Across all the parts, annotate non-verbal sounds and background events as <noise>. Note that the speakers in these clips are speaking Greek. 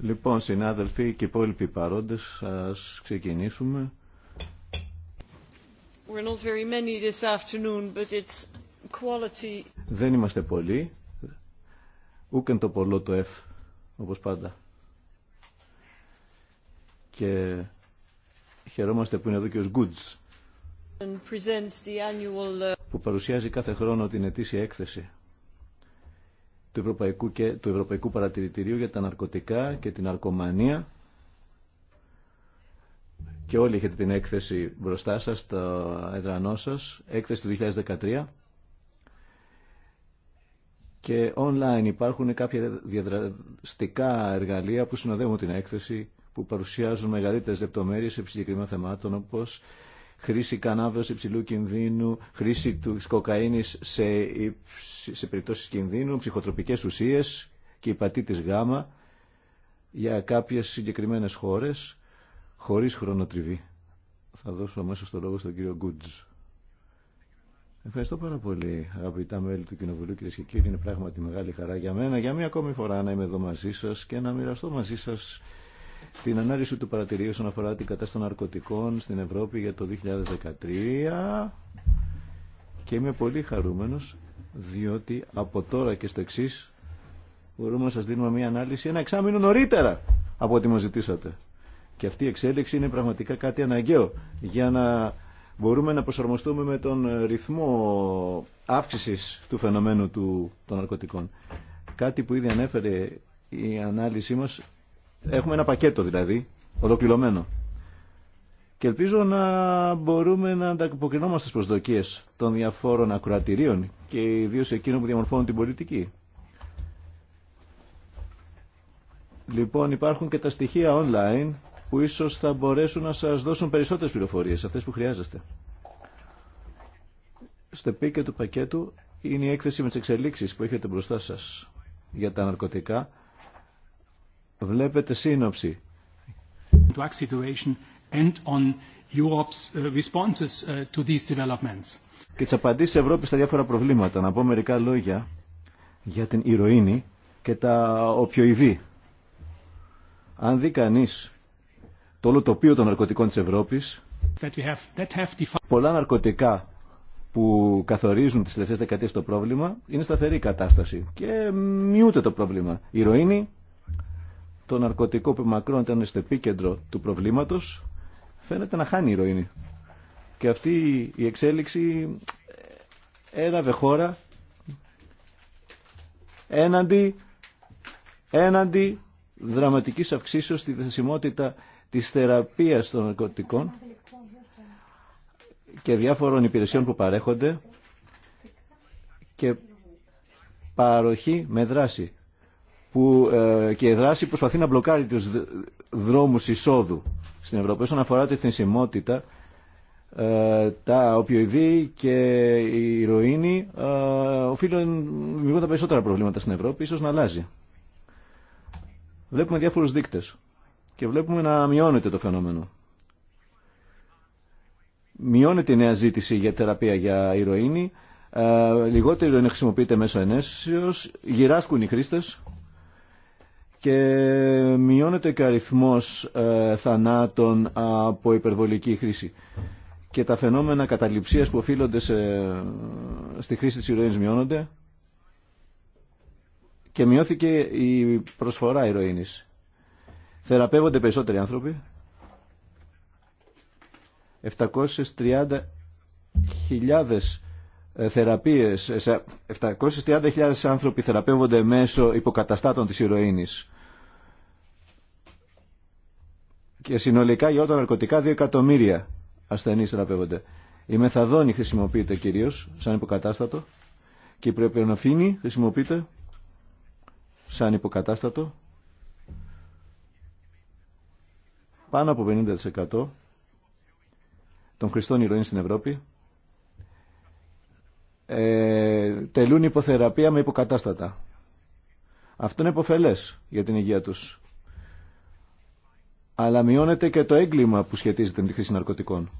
Λοιπόν, συνάδελφοι και υπόλοιποι παρόντες, ας ξεκινήσουμε. not very many this afternoon, but it's quality. Δεν είμαστε πολλοί. Ούκεν το πολλό το F, όπως πάντα. Και χαιρόμαστε που είναι εδώ και ο annual. Uh, που παρουσιάζει κάθε χρόνο την ετήσια έκθεση του Ευρωπαϊκού, και, του Ευρωπαϊκού Παρατηρητηρίου για τα Ναρκωτικά και την Αρκομανία και όλοι έχετε την έκθεση μπροστά σας, στο έδρανό σας, έκθεση του 2013 και online υπάρχουν κάποια διαδραστικά εργαλεία που συνοδεύουν την έκθεση που παρουσιάζουν μεγαλύτερες λεπτομέρειες σε συγκεκριμένα θεμάτων όπως χρήση κανάβεως υψηλού κινδύνου, χρήση του κοκαίνης σε, σε περιπτώσεις κινδύνου, ψυχοτροπικές ουσίες και υπατήτης γάμα για κάποιες συγκεκριμένες χώρες χωρίς χρονοτριβή. Θα δώσω αμέσω το λόγο στον κύριο Γκούτζ. Ευχαριστώ πάρα πολύ, αγαπητά μέλη του Κοινοβουλίου, κυρίε και κύριοι. Είναι πράγματι μεγάλη χαρά για μένα για μία ακόμη φορά να είμαι εδώ μαζί σα και να μοιραστώ μαζί σα την ανάλυση του παρατηρίου όσον αφορά την κατάσταση των ναρκωτικών στην Ευρώπη για το 2013 και είμαι πολύ χαρούμενος διότι από τώρα και στο εξή μπορούμε να σας δίνουμε μια ανάλυση ένα εξάμεινο νωρίτερα από ό,τι μας ζητήσατε. Και αυτή η εξέλιξη είναι πραγματικά κάτι αναγκαίο για να μπορούμε να προσαρμοστούμε με τον ρυθμό αύξησης του φαινομένου του, των ναρκωτικών. Κάτι που ήδη ανέφερε η ανάλυση μας Έχουμε ένα πακέτο δηλαδή, ολοκληρωμένο. Και ελπίζω να μπορούμε να ανταποκρινόμαστε στι προσδοκίε των διαφόρων ακροατηρίων και ιδίω εκείνων που διαμορφώνουν την πολιτική. Λοιπόν, υπάρχουν και τα στοιχεία online που ίσως θα μπορέσουν να σας δώσουν περισσότερες πληροφορίες, αυτές που χρειάζεστε. Στο πίκε του πακέτου είναι η έκθεση με τι εξελίξει που έχετε μπροστά σα για τα ναρκωτικά Βλέπετε σύνοψη. and on Europe's uh, responses uh, to these developments. Και τι απαντήσει Ευρώπη στα διάφορα προβλήματα. Να πω μερικά λόγια για την ηρωίνη και τα οπιοειδή. Αν δει κανεί το όλο τοπίο των ναρκωτικών της Ευρώπης, πολλά ναρκωτικά που καθορίζουν τις τελευταίες δεκαετίες το πρόβλημα, είναι σταθερή κατάσταση και μειούται το πρόβλημα. Η ηρωίνη το ναρκωτικό που μακρόν ήταν στο επίκεντρο του προβλήματος φαίνεται να χάνει η ηρωίνη. Και αυτή η εξέλιξη έλαβε χώρα έναντι, έναντι δραματικής αυξήσεως στη θεσιμότητα της θεραπείας των ναρκωτικών και διάφορων υπηρεσιών που παρέχονται και παροχή με δράση που, ε, και η δράση προσπαθεί να μπλοκάρει τους δρόμους εισόδου στην Ευρώπη όσον αφορά τη θνησιμότητα ε, τα οπιοειδή και η ηρωίνη ε, οφείλουν δημιουργούν τα περισσότερα προβλήματα στην Ευρώπη ίσως να αλλάζει βλέπουμε διάφορους δείκτες και βλέπουμε να μειώνεται το φαινόμενο μειώνεται η νέα ζήτηση για θεραπεία για ηρωίνη ε, λιγότερο είναι χρησιμοποιείται μέσω ενέσεως γυράσκουν οι χρήστες και μειώνεται και ο αριθμός ε, θανάτων από υπερβολική χρήση. Και τα φαινόμενα καταληψίας που οφείλονται στη χρήση της ηρωίνης μειώνονται και μειώθηκε η προσφορά ηρωίνης. Θεραπεύονται περισσότεροι άνθρωποι. 730.000 ε, θεραπείες. 730.000 ε, άνθρωποι θεραπεύονται μέσω υποκαταστάτων της ηρωίνης. Και συνολικά για όταν ναρκωτικά 2 εκατομμύρια ασθενείς θεραπεύονται. Η μεθαδόνη χρησιμοποιείται κυρίως σαν υποκατάστατο και η προπιονοφήνη χρησιμοποιείται σαν υποκατάστατο πάνω από 50% των χρηστών ηρωίνης στην Ευρώπη ε, τελούν υποθεραπεία με υποκατάστατα. Αυτό είναι υποφελές για την υγεία τους. Αλλά μειώνεται και το έγκλημα που σχετίζεται με τη χρήση ναρκωτικών.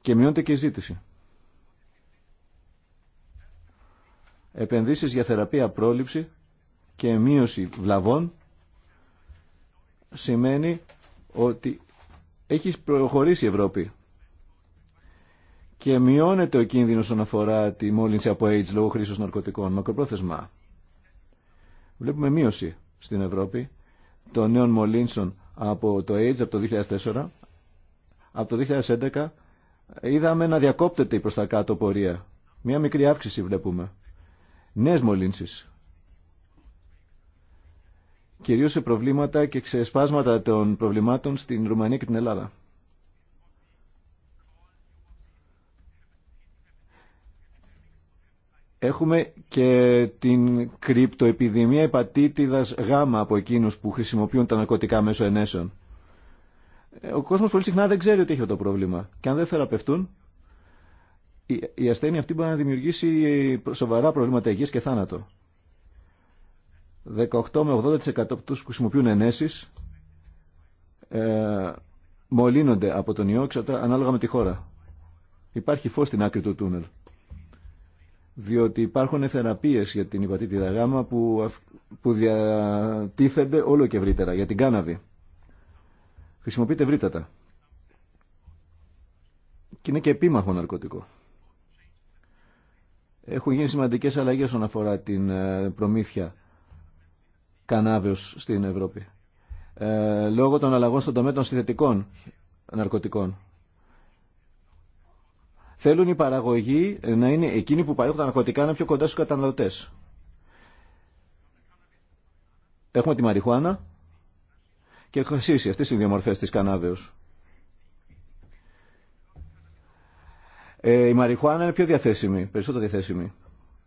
Και μειώνεται και η ζήτηση. Επενδύσεις για θεραπεία πρόληψη και μείωση βλαβών σημαίνει ότι έχει προχωρήσει η Ευρώπη και μειώνεται ο κίνδυνος όσον αφορά τη μόλυνση από AIDS λόγω χρήσης ναρκωτικών μακροπρόθεσμα. Βλέπουμε μείωση στην Ευρώπη των νέων μολύνσεων από το AIDS από το 2004. Από το 2011 είδαμε να διακόπτεται η προς τα κάτω πορεία. Μια μικρή αύξηση βλέπουμε. Νέες μολύνσεις. Κυρίως σε προβλήματα και ξεσπάσματα των προβλημάτων στην Ρουμανία και την Ελλάδα. Έχουμε και την κρυπτοεπιδημία υπατήτηδας γάμα από εκείνους που χρησιμοποιούν τα ναρκωτικά μέσω ενέσεων. Ε, ο κόσμος πολύ συχνά δεν ξέρει ότι έχει αυτό το πρόβλημα. Και αν δεν θεραπευτούν, η ασθένεια αυτή μπορεί να δημιουργήσει σοβαρά προβλήματα υγείας και θάνατο. 18 με 80% από τους που χρησιμοποιούν ενέσεις ε, μολύνονται από τον ιό ανάλογα με τη χώρα. Υπάρχει φως στην άκρη του τούνελ διότι υπάρχουν θεραπείες για την υπατήτη γάμα που, που διατίθενται όλο και ευρύτερα για την κάναβη. Χρησιμοποιείται ευρύτατα. Και είναι και επίμαχο ναρκωτικό. Έχουν γίνει σημαντικές αλλαγές όσον αφορά την ε, προμήθεια κανάβεως στην Ευρώπη. Ε, λόγω των αλλαγών στον τομέα των συνθετικών ναρκωτικών. Θέλουν οι παραγωγοί να είναι εκείνοι που παρέχουν τα ναρκωτικά να είναι πιο κοντά στους καταναλωτές. Έχουμε τη μαριχουάνα και χασίσει Αυτές οι δύο μορφές της κανάβεως. Ε, η μαριχουάνα είναι πιο διαθέσιμη, περισσότερο διαθέσιμη.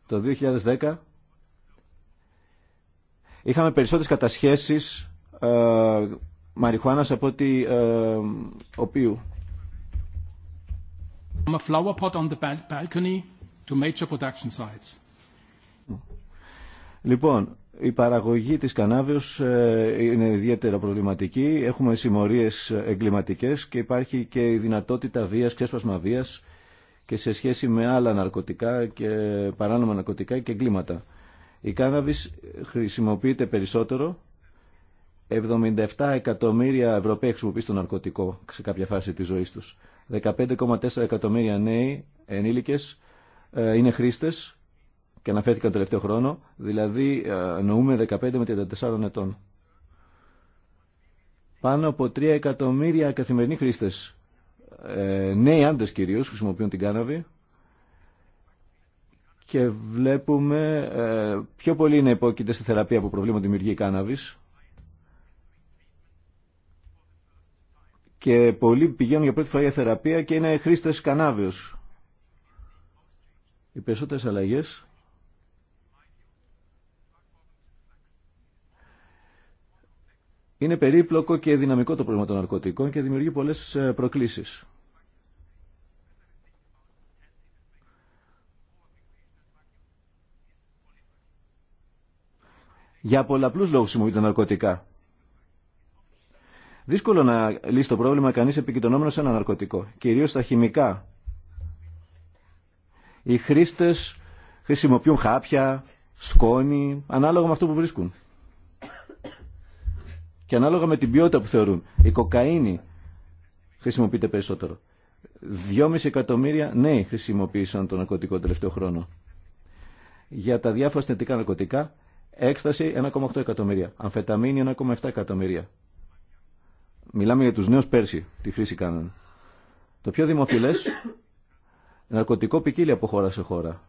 Το 2010 είχαμε περισσότερες κατασχέσεις ε, μαριχουάνας από ότι ε, οποίου a on the balcony to major production sites. Λοιπόν, η παραγωγή της κανάβιος ε, είναι ιδιαίτερα προβληματική. Έχουμε συμμορίες εγκληματικές και υπάρχει και η δυνατότητα βίας, ξέσπασμα βίας και σε σχέση με άλλα ναρκωτικά και παράνομα ναρκωτικά και εγκλήματα. Η κανάβις χρησιμοποιείται περισσότερο. 77 εκατομμύρια Ευρωπαίοι χρησιμοποιούν το ναρκωτικό σε κάποια φάση της ζωής τους. 15,4 εκατομμύρια νέοι ενήλικες ε, είναι χρήστες και αναφέρθηκαν τον τελευταίο χρόνο, δηλαδή ε, νοούμε 15 με 34 ετών. Πάνω από 3 εκατομμύρια καθημερινοί χρήστες, ε, νέοι άντες κυρίως, χρησιμοποιούν την κάναβη και βλέπουμε πιο πολύ είναι υπόκειται στη θεραπεία που προβλήμα δημιουργεί η κάναβης και πολλοί πηγαίνουν για πρώτη φορά για θεραπεία και είναι χρήστε κανάβιους. Οι περισσότερε αλλαγέ. είναι περίπλοκο και δυναμικό το πρόβλημα των ναρκωτικών και δημιουργεί πολλές ε, προκλήσεις. Για πολλαπλούς λόγους χρησιμοποιούνται ναρκωτικά. Δύσκολο να λύσει το πρόβλημα κανεί επικοινωνόμενο σε ένα ναρκωτικό, κυρίω στα χημικά. Οι χρήστε χρησιμοποιούν χάπια, σκόνη, ανάλογα με αυτό που βρίσκουν. Και ανάλογα με την ποιότητα που θεωρούν. Η κοκαίνη χρησιμοποιείται περισσότερο. 2,5 εκατομμύρια νέοι χρησιμοποίησαν το ναρκωτικό τελευταίο χρόνο. Για τα διάφορα ασθεντικά ναρκωτικά, έκσταση 1,8 εκατομμύρια, αμφεταμίνη 1,7 εκατομμύρια, Μιλάμε για τους νέους πέρσι, τη χρήση κάνουν. Το πιο δημοφιλές, <coughs> ναρκωτικό ποικίλει από χώρα σε χώρα.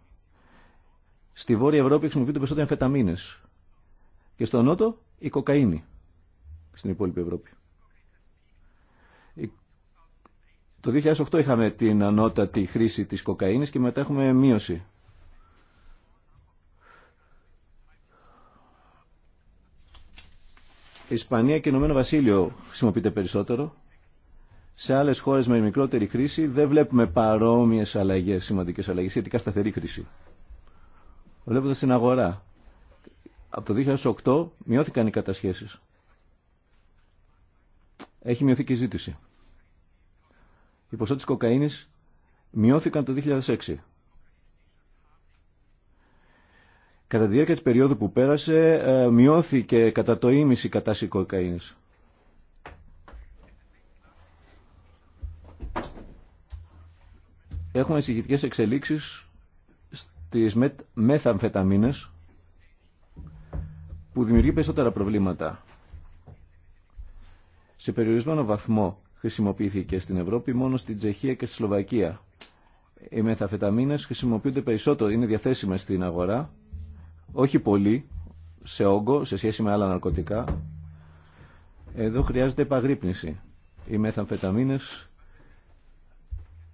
Στη Βόρεια Ευρώπη χρησιμοποιούνται περισσότερο εμφεταμίνες. Και στο Νότο, η κοκαίνη. Στην υπόλοιπη Ευρώπη. Το 2008 είχαμε την ανώτατη χρήση της κοκαίνης και μετά έχουμε μείωση Ισπανία και Ηνωμένο Βασίλειο χρησιμοποιείται περισσότερο. Σε άλλε χώρε με μικρότερη χρήση δεν βλέπουμε παρόμοιε αλλαγέ, σημαντικέ αλλαγέ, σχετικά σταθερή χρήση. Βλέποντα την αγορά, από το 2008 μειώθηκαν οι κατασχέσει. Έχει μειωθεί και η ζήτηση. Οι ποσότητε κοκαίνη μειώθηκαν το 2006. Κατά τη διάρκεια της περίοδου που πέρασε ε, μειώθηκε κατά το ίμιση η κατάσταση κοκαίνης. Έχουμε συγχυτικές εξελίξεις στις μεθαμφεταμίνες που δημιουργεί περισσότερα προβλήματα. Σε περιορισμένο βαθμό χρησιμοποιήθηκε στην Ευρώπη μόνο στην Τσεχία και στη Σλοβακία. Οι μεθαφεταμίνες χρησιμοποιούνται περισσότερο, είναι διαθέσιμες στην αγορά όχι πολύ σε όγκο, σε σχέση με άλλα ναρκωτικά. Εδώ χρειάζεται επαγρύπνηση. Οι μεθαμφεταμίνες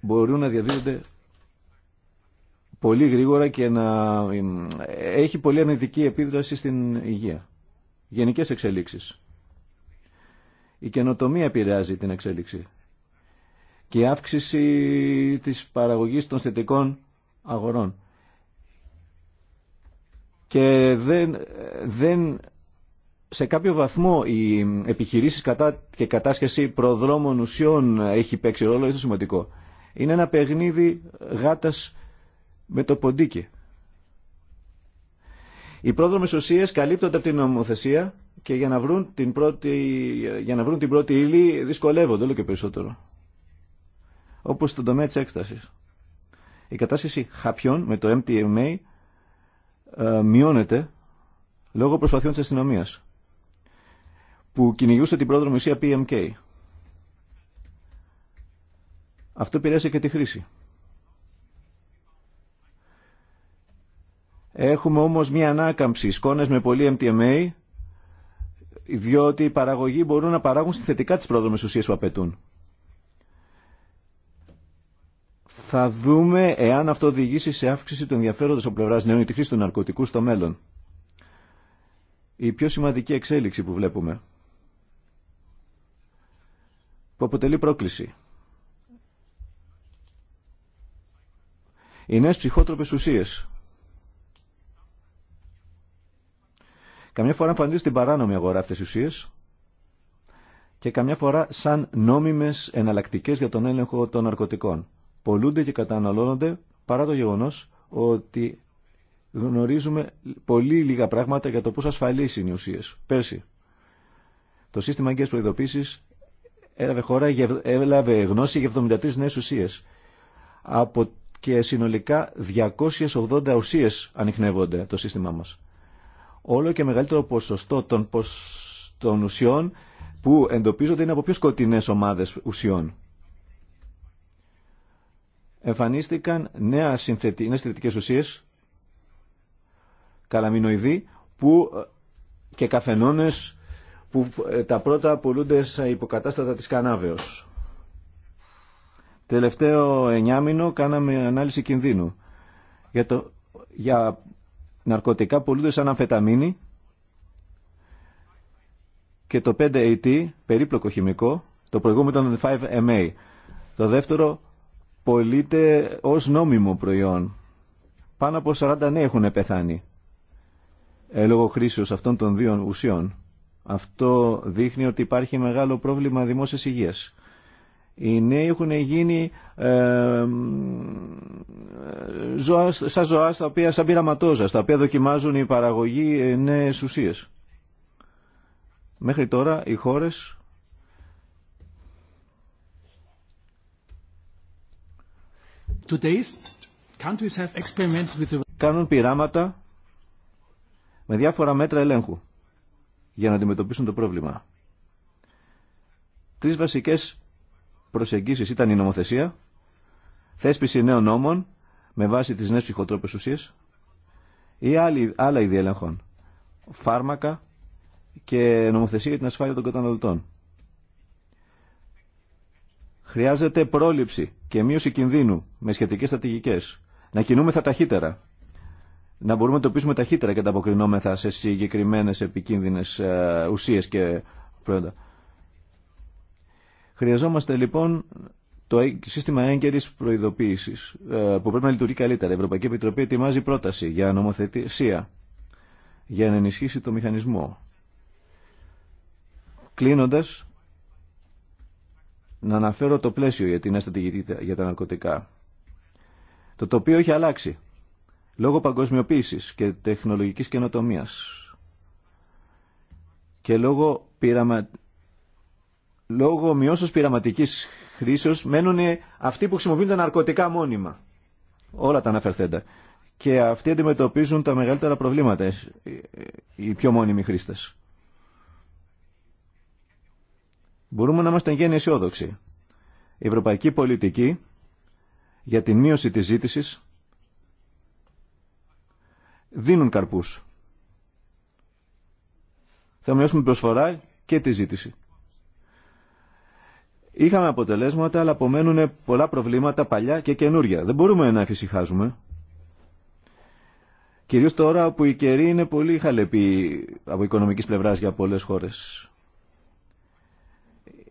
μπορούν να διαδίδονται πολύ γρήγορα και να έχει πολύ ανεδική επίδραση στην υγεία. Γενικές εξελίξεις. Η καινοτομία επηρεάζει την εξέλιξη και η αύξηση της παραγωγής των θετικών αγορών και δεν, δεν σε κάποιο βαθμό η επιχειρήση κατά και κατάσχεση προδρόμων ουσιών έχει παίξει ρόλο, είναι σημαντικό. Είναι ένα παιχνίδι γάτας με το ποντίκι. Οι πρόδρομε ουσίε καλύπτονται από την νομοθεσία και για να βρουν την πρώτη, για να βρουν την πρώτη ύλη δυσκολεύονται όλο και περισσότερο. Όπω στον τομέα τη έκσταση. Η κατάσχεση χαπιών με το MTMA ε, μειώνεται λόγω προσπαθειών της αστυνομία που κυνηγούσε την πρόδρομη ουσία PMK. Αυτό επηρέασε και τη χρήση. Έχουμε όμως μία ανάκαμψη σκόνες με πολύ MTMA, διότι οι παραγωγοί μπορούν να παράγουν συνθετικά τις πρόδρομες ουσίες που απαιτούν. θα δούμε εάν αυτό οδηγήσει σε αύξηση του ενδιαφέροντος ο πλευράς νέων ή τη χρήση του ναρκωτικού στο μέλλον. Η πιο σημαντική εξέλιξη που βλέπουμε, που αποτελεί πρόκληση. Οι νέες ψυχότροπες ουσίες. Καμιά φορά εμφανίζονται στην παράνομη αγορά αυτές οι ουσίες και καμιά φορά σαν νόμιμες εναλλακτικές για τον έλεγχο των ναρκωτικών πολλούνται και καταναλώνονται παρά το γεγονός ότι γνωρίζουμε πολύ λίγα πράγματα για το πώς ασφαλείς είναι οι ουσίες. Πέρσι, το σύστημα αγκαίας προειδοποίησης έλαβε, χώρα, έλαβε γνώση για 73 νέες ουσίες. Από και συνολικά 280 ουσίες ανοιχνεύονται το σύστημά μας. Όλο και μεγαλύτερο ποσοστό των, των ουσιών που εντοπίζονται είναι από πιο σκοτεινές ομάδες ουσιών εμφανίστηκαν νέα συνθετη, νέες συνθετικές ουσίες, καλαμινοειδή, που ε, και καφενώνες που ε, τα πρώτα πολλούνται σε υποκατάστατα της κανάβεως. Τελευταίο εννιάμινο κάναμε ανάλυση κινδύνου. Για, το, για ναρκωτικά πολλούνται σαν αμφεταμίνη και το 5AT, περίπλοκο χημικό, το προηγούμενο ήταν 5MA. Το δεύτερο πωλείται ως νόμιμο προϊόν. Πάνω από 40 νέοι έχουν πεθάνει ε, λόγω χρήσεως αυτών των δύο ουσιών. Αυτό δείχνει ότι υπάρχει μεγάλο πρόβλημα δημόσιας υγείας. Οι νέοι έχουν γίνει ε, ε ζωά, σαν ζωά, στα οποία, σαν πειραματόζα, στα οποία δοκιμάζουν η παραγωγή ε, νέες ουσίες. Μέχρι τώρα οι χώρες Κάνουν πειράματα με διάφορα μέτρα ελέγχου για να αντιμετωπίσουν το πρόβλημα. Τρεις βασικές προσεγγίσεις ήταν η νομοθεσία, θέσπιση νέων νόμων με βάση τις νέες ψυχοτρόπες ουσίες ή άλλα είδη ελέγχων, φάρμακα και νομοθεσία για την ασφάλεια των καταναλωτών. Χρειάζεται πρόληψη και μείωση κινδύνου με σχετικές στρατηγικέ. Να κινούμεθα ταχύτερα. Να μπορούμε να τοπίσουμε ταχύτερα και τα αποκρινόμεθα σε συγκεκριμένε επικίνδυνες ε, ουσίες και προϊόντα. Χρειαζόμαστε λοιπόν το σύστημα έγκαιρη προειδοποίηση ε, που πρέπει να λειτουργεί καλύτερα. Η Ευρωπαϊκή Επιτροπή ετοιμάζει πρόταση για νομοθετησία για να ενισχύσει το μηχανισμό. Κλείνοντας, να αναφέρω το πλαίσιο για την στρατηγική για τα ναρκωτικά. Το τοπίο έχει αλλάξει λόγω παγκοσμιοποίησης και τεχνολογικής καινοτομίας και λόγω, πειραμα... λόγω μειώσεως πειραματικής χρήσεως μένουν αυτοί που χρησιμοποιούν τα ναρκωτικά μόνιμα. Όλα τα αναφερθέντα. Και αυτοί αντιμετωπίζουν τα μεγαλύτερα προβλήματα, ε, ε, οι πιο μόνιμοι χρήστες. μπορούμε να είμαστε γέννη αισιόδοξοι. Η ευρωπαϊκή πολιτική για την μείωση της ζήτησης δίνουν καρπούς. Θα μειώσουμε προσφορά και τη ζήτηση. Είχαμε αποτελέσματα, αλλά απομένουν πολλά προβλήματα παλιά και καινούρια. Δεν μπορούμε να εφησυχάζουμε. Κυρίως τώρα που η καιρή είναι πολύ χαλεπή από οικονομικής πλευράς για πολλές χώρες.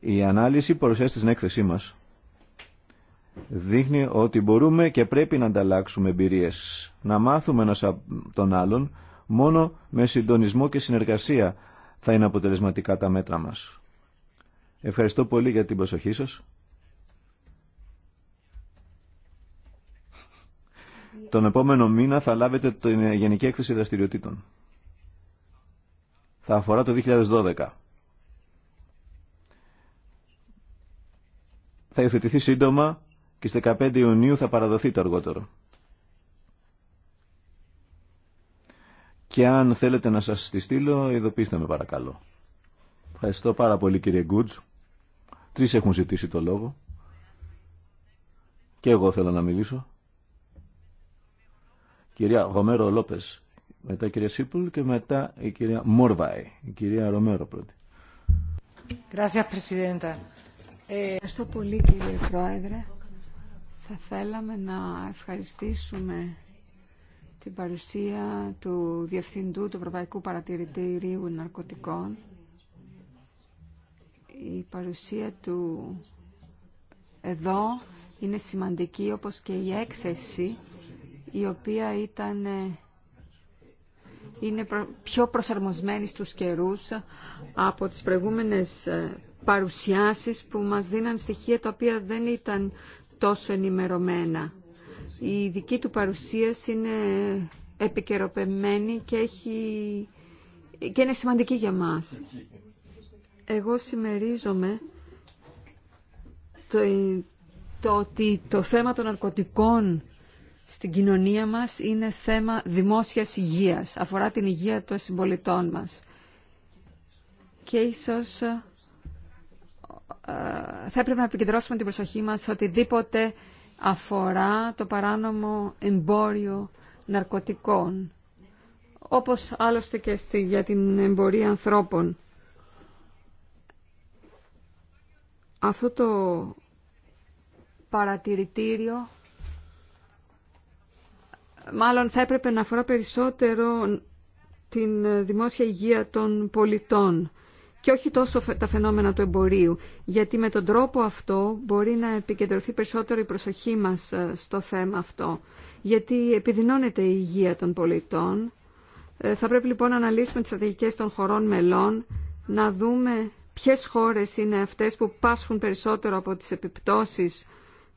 Η ανάλυση παρουσιάστη στην έκθεσή μας δείχνει ότι μπορούμε και πρέπει να ανταλλάξουμε εμπειρίε να μάθουμε ένας τον άλλον, μόνο με συντονισμό και συνεργασία θα είναι αποτελεσματικά τα μέτρα μας. Ευχαριστώ πολύ για την προσοχή σας. Τον επόμενο μήνα θα λάβετε την Γενική Έκθεση Δραστηριοτήτων. Θα αφορά το 2012. θα υιοθετηθεί σύντομα και στις 15 Ιουνίου θα παραδοθεί το αργότερο. Και αν θέλετε να σας τη στείλω, ειδοποιήστε με παρακαλώ. Ευχαριστώ πάρα πολύ κύριε Γκούτζ. Τρεις έχουν ζητήσει το λόγο. Και εγώ θέλω να μιλήσω. Κυρία Γομέρο Λόπες, μετά η κυρία Σίπουλ και μετά η κυρία Μόρβαη, η κυρία Ρομέρο πρώτη. Gracias, Presidenta. Ευχαριστώ πολύ κύριε Πρόεδρε. Θα θέλαμε να ευχαριστήσουμε την παρουσία του Διευθυντού του Ευρωπαϊκού Παρατηρητηρίου Ναρκωτικών, η παρουσία του εδώ είναι σημαντική όπως και η έκθεση η οποία ήταν ε, είναι πιο προσαρμοσμένη στους καιρούς από τις προηγούμενες ε, παρουσιάσεις που μας δίναν στοιχεία τα οποία δεν ήταν τόσο ενημερωμένα. Η δική του παρουσίαση είναι επικαιροπεμένη και, έχει... και είναι σημαντική για μας. Εγώ συμμερίζομαι το, το ότι το θέμα των ναρκωτικών στην κοινωνία μας είναι θέμα δημόσιας υγείας. Αφορά την υγεία των συμπολιτών μας. Και ίσως ε, θα έπρεπε να επικεντρώσουμε την προσοχή μας σε οτιδήποτε αφορά το παράνομο εμπόριο ναρκωτικών, όπως άλλωστε και για την εμπορία ανθρώπων. Αυτό το παρατηρητήριο μάλλον θα έπρεπε να αφορά περισσότερο την δημόσια υγεία των πολιτών και όχι τόσο τα φαινόμενα του εμπορίου, γιατί με τον τρόπο αυτό μπορεί να επικεντρωθεί περισσότερο η προσοχή μας ε, στο θέμα αυτό, γιατί επιδεινώνεται η υγεία των πολιτών. Ε, θα πρέπει λοιπόν να αναλύσουμε τις στρατηγικές των χωρών μελών, να δούμε ποιες χώρες είναι αυτές που πάσχουν περισσότερο από τις επιπτώσεις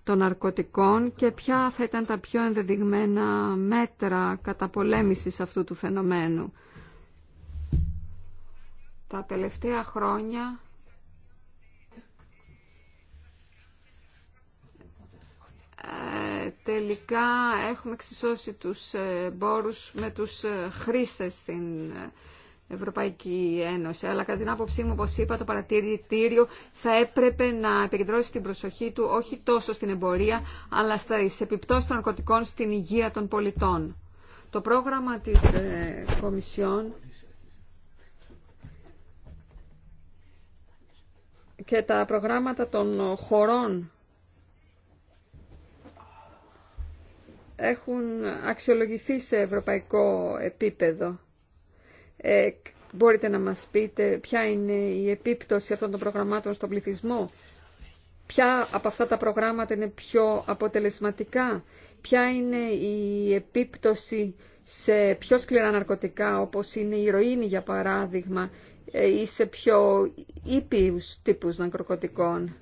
των ναρκωτικών και ποια θα ήταν τα πιο ενδεδειγμένα μέτρα καταπολέμησης αυτού του φαινομένου. Τα τελευταία χρόνια ε, τελικά έχουμε εξισώσει τους ε, μπόρους με τους ε, χρήστες στην Ευρωπαϊκή Ένωση. Αλλά κατά την άποψή μου, όπως είπα, το παρατηρητήριο θα έπρεπε να επικεντρώσει την προσοχή του όχι τόσο στην εμπορία, αλλά στις επιπτώσεις των ναρκωτικών στην υγεία των πολιτών. Το πρόγραμμα της Κομισιόν και τα προγράμματα των χωρών έχουν αξιολογηθεί σε ευρωπαϊκό επίπεδο. Ε, μπορείτε να μας πείτε ποια είναι η επίπτωση αυτών των προγραμμάτων στον πληθυσμό. Ποια από αυτά τα προγράμματα είναι πιο αποτελεσματικά. Ποια είναι η επίπτωση σε πιο σκληρά ναρκωτικά όπως είναι η ηρωίνη για παράδειγμα ή σε πιο ήπιους τύπους ναρκωτικών.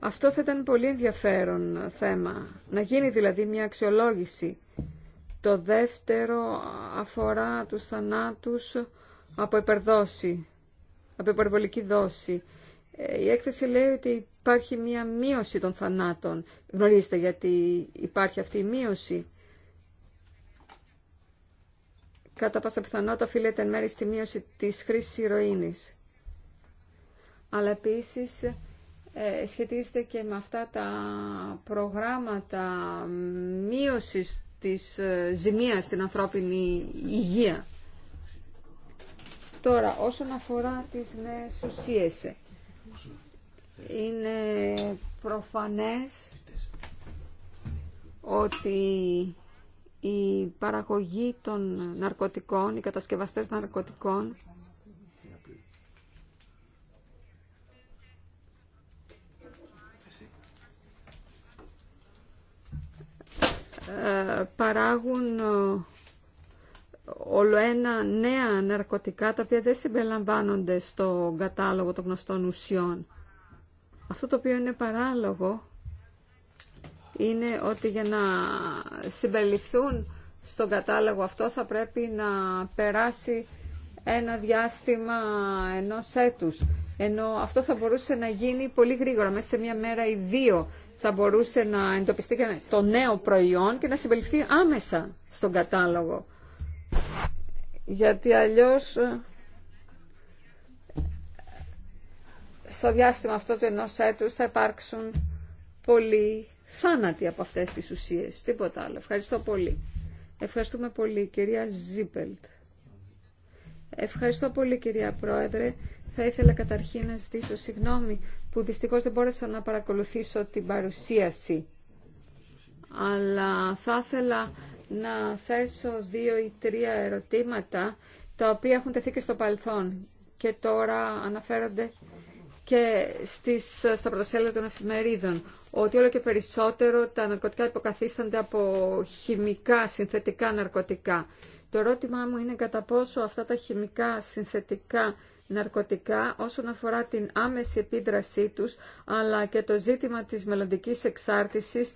Αυτό θα ήταν πολύ ενδιαφέρον θέμα. Να γίνει δηλαδή μια αξιολόγηση. Το δεύτερο αφορά τους θανάτους από υπερδόση, από υπερβολική δόση. Ε, η έκθεση λέει ότι υπάρχει μια μείωση των θανάτων. Γνωρίζετε γιατί υπάρχει αυτή η μείωση κατά πάσα πιθανότητα οφείλεται εν μέρη στη μείωση της χρήση ηρωίνης. Αλλά επίσης ε, σχετίζεται και με αυτά τα προγράμματα μείωσης της ε, ζημίας στην ανθρώπινη υγεία. Τώρα, όσον αφορά τις νέες ουσίες, είναι προφανές ότι η παραγωγή των ναρκωτικών, οι κατασκευαστές ναρκωτικών ε, παράγουν ε, όλο ένα νέα ναρκωτικά τα οποία δεν συμπεριλαμβάνονται στο κατάλογο των γνωστών ουσιών. Αυτό το οποίο είναι παράλογο είναι ότι για να συμπεριληφθούν στον κατάλογο αυτό θα πρέπει να περάσει ένα διάστημα ενός έτους. Ενώ αυτό θα μπορούσε να γίνει πολύ γρήγορα, μέσα σε μια μέρα ή δύο θα μπορούσε να εντοπιστεί και το νέο προϊόν και να συμπεριληφθεί άμεσα στον κατάλογο. Γιατί αλλιώς ε, στο διάστημα αυτό του ενός έτους θα υπάρξουν Πολύ θάνατοι από αυτές τις ουσίες. Τίποτα άλλο. Ευχαριστώ πολύ. Ευχαριστούμε πολύ, κυρία Ζίπελτ. Ευχαριστώ πολύ, κυρία Πρόεδρε. Θα ήθελα καταρχήν να ζητήσω συγγνώμη που δυστυχώς δεν μπόρεσα να παρακολουθήσω την παρουσίαση. Αλλά θα ήθελα να θέσω δύο ή τρία ερωτήματα τα οποία έχουν τεθεί και στο παρελθόν και τώρα αναφέρονται και στις, στα πρωτοσέλιδα των εφημερίδων ότι όλο και περισσότερο τα ναρκωτικά υποκαθίστανται από χημικά, συνθετικά ναρκωτικά. Το ερώτημά μου είναι κατά πόσο αυτά τα χημικά, συνθετικά ναρκωτικά όσον αφορά την άμεση επίδρασή τους αλλά και το ζήτημα της μελλοντική εξάρτησης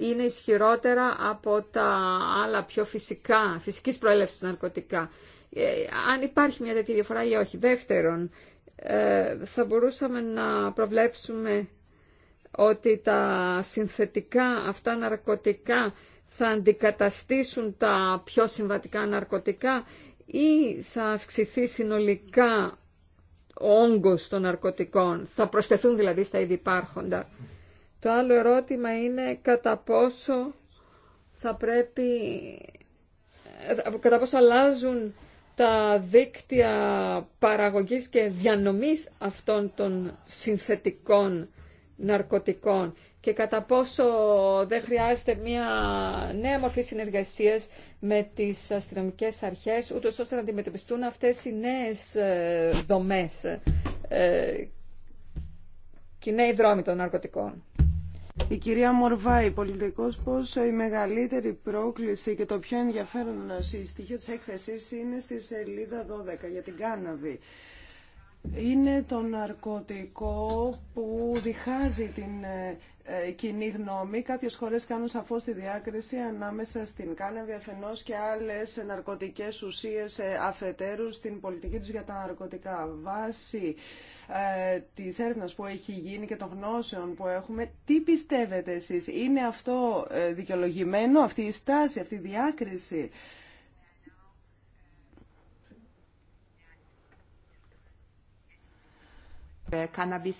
είναι ισχυρότερα από τα άλλα πιο φυσικά, φυσικής προέλευσης ναρκωτικά. Ε, αν υπάρχει μια τέτοια διαφορά ή όχι. Δεύτερον, ε, θα μπορούσαμε να προβλέψουμε ότι τα συνθετικά αυτά ναρκωτικά θα αντικαταστήσουν τα πιο συμβατικά ναρκωτικά ή θα αυξηθεί συνολικά ο όγκος των ναρκωτικών, θα προσθεθούν δηλαδή στα ήδη υπάρχοντα. Το άλλο ερώτημα είναι κατά πόσο θα πρέπει, ε, κατά πόσο αλλάζουν τα δίκτυα παραγωγής και διανομής αυτών των συνθετικών ναρκωτικών και κατά πόσο δεν χρειάζεται μια νέα μορφή συνεργασίας με τις αστυνομικές αρχές, ούτως ώστε να αντιμετωπιστούν αυτές οι νέες ε, δομές ε, και οι νέοι δρόμοι των ναρκωτικών. Η κυρία Μορβάη, πολιτικός, πόσο η μεγαλύτερη πρόκληση και το πιο ενδιαφέρον ε, στοιχείο της έκθεσης είναι στη σελίδα 12 για την κάναβη είναι το ναρκωτικό που διχάζει την ε, ε, κοινή γνώμη. Κάποιες χώρες κάνουν σαφώς τη διάκριση ανάμεσα στην κάναβη αφενός και άλλες ναρκωτικές ουσίες ε, αφετέρου στην πολιτική τους για τα ναρκωτικά. Βάσει τη της έρευνας που έχει γίνει και των γνώσεων που έχουμε, τι πιστεύετε εσείς, είναι αυτό δικαιολογημένο, αυτή η στάση, αυτή η διάκριση. Ε, cannabis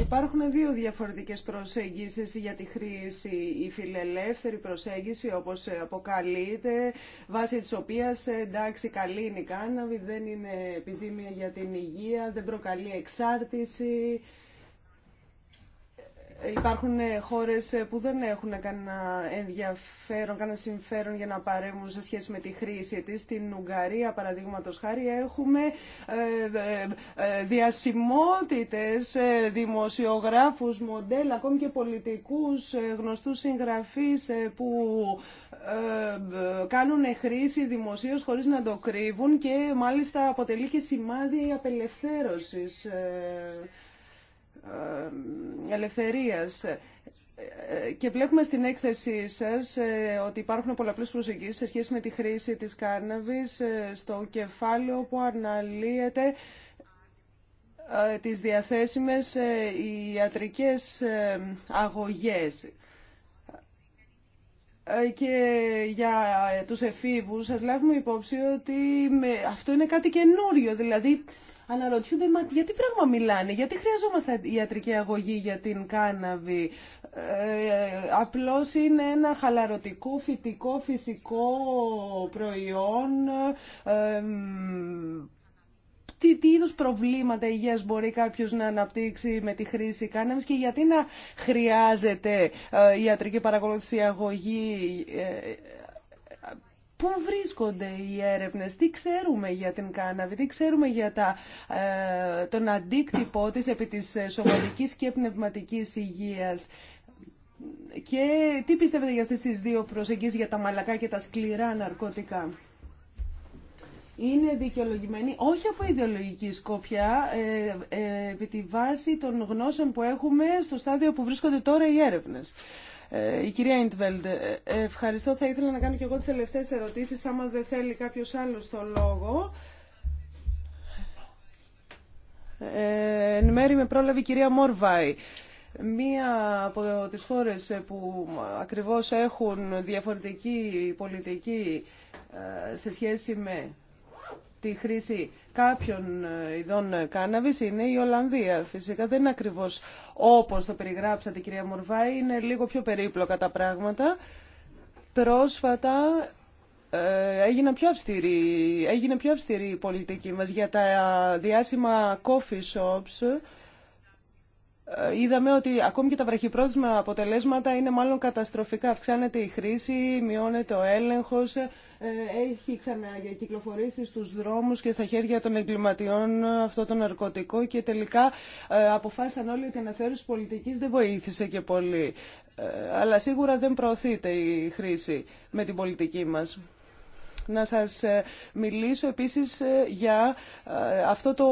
Υπάρχουν δύο διαφορετικές προσέγγισεις για τη χρήση. Η φιλελεύθερη προσέγγιση, όπως αποκαλείται, βάσει της οποίας, ε, εντάξει, καλή είναι η κάναβη, δεν είναι επιζήμια για την υγεία, δεν προκαλεί εξάρτηση. Υπάρχουν ε, χώρες ε, που δεν έχουν κανένα ενδιαφέρον, κανένα συμφέρον για να παρέμβουν σε σχέση με τη χρήση της. Στην Ουγγαρία, παραδείγματο χάρη, έχουμε ε, διασημότητες, δημοσιογράφους, μοντέλα, ακόμη και πολιτικούς, γνωστούς συγγραφείς που κάνουν χρήση δημοσίως χωρίς να το κρύβουν και μάλιστα αποτελεί και σημάδι απελευθέρωσης ε, ελευθερίας. Ε, και βλέπουμε στην έκθεσή σας ε, ότι υπάρχουν πολλαπλές προσεγγίσεις σε σχέση με τη χρήση της κάναβης στο κεφάλαιο που αναλύεται τις διαθέσιμες ιατρικές αγωγές. Και για τους εφήβους σας λάβουμε υπόψη ότι αυτό είναι κάτι καινούριο, δηλαδή αναρωτιούνται μα γιατί πράγμα μιλάνε, γιατί χρειαζόμαστε ιατρική αγωγή για την κάναβη. Ε, απλώς είναι ένα χαλαρωτικό, φυτικό, φυσικό προϊόν. τι, τι είδους προβλήματα υγείας μπορεί κάποιος να αναπτύξει με τη χρήση κάναβης και γιατί να χρειάζεται ε, ιατρική παρακολούθηση αγωγή ε, Πού βρίσκονται οι έρευνες, τι ξέρουμε για την κάναβη, τι ξέρουμε για τα, ε, τον αντίκτυπό της επί της ε, σωματικής και πνευματικής υγείας. Και τι πιστεύετε για αυτές τις δύο προσεγγίσεις για τα μαλακά και τα σκληρά ναρκωτικά. Είναι δικαιολογημένη όχι από ιδεολογική σκόπια, ε, ε επί τη βάση των γνώσεων που έχουμε στο στάδιο που βρίσκονται τώρα οι έρευνες. Ε, η κυρία Ιντβέλντ, ε, ευχαριστώ. Θα ήθελα να κάνω και εγώ τις τελευταίες ερωτήσεις, άμα δεν θέλει κάποιος άλλος το λόγο. Ε, εν μέρη με πρόλαβε η κυρία Μόρβαϊ. Μία από τις χώρες που ακριβώς έχουν διαφορετική πολιτική ε, σε σχέση με τη χρήση κάποιων ε, ειδών κάναβης ε, είναι η Ολλανδία. Φυσικά δεν είναι ακριβώς όπως το περιγράψατε κυρία Μορβάη, είναι λίγο πιο περίπλοκα τα πράγματα. Πρόσφατα ε, έγινε πιο αυστηρή, έγινε πιο αυστηρή η πολιτική μας για τα διάσημα coffee shops ε, είδαμε ότι ακόμη και τα βραχυπρόθεσμα αποτελέσματα είναι μάλλον καταστροφικά. Αυξάνεται η χρήση, μειώνεται ο έλεγχος, ε, έχει ξανακυκλοφορήσει στους δρόμους και στα χέρια των εγκληματιών αυτό το ναρκωτικό και τελικά ε, αποφάσισαν όλοι ότι η αναθεώρηση πολιτικής δεν βοήθησε και πολύ. Αλλά σίγουρα δεν προωθείται η χρήση με την πολιτική μας. Να σας ε, μιλήσω επίσης ε, για ε, αυτό το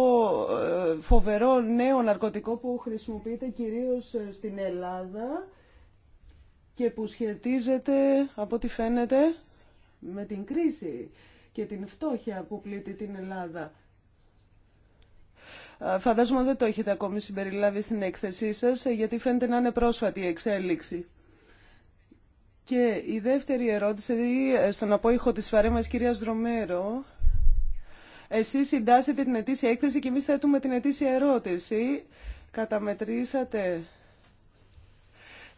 φοβερό νέο ναρκωτικό που χρησιμοποιείται κυρίως στην Ελλάδα και που σχετίζεται, από ό,τι φαίνεται, με την κρίση και την φτώχεια που πλήττει την Ελλάδα. Φαντάζομαι δεν το έχετε ακόμη συμπεριλάβει στην έκθεσή σας, γιατί φαίνεται να είναι πρόσφατη η εξέλιξη. Και η δεύτερη ερώτηση, ε, στον απόϊχο της φαρέμας, κυρία Δρομέρο, εσείς συντάσσετε την ετήσια έκθεση και εμείς θέτουμε την ετήσια ερώτηση. Καταμετρήσατε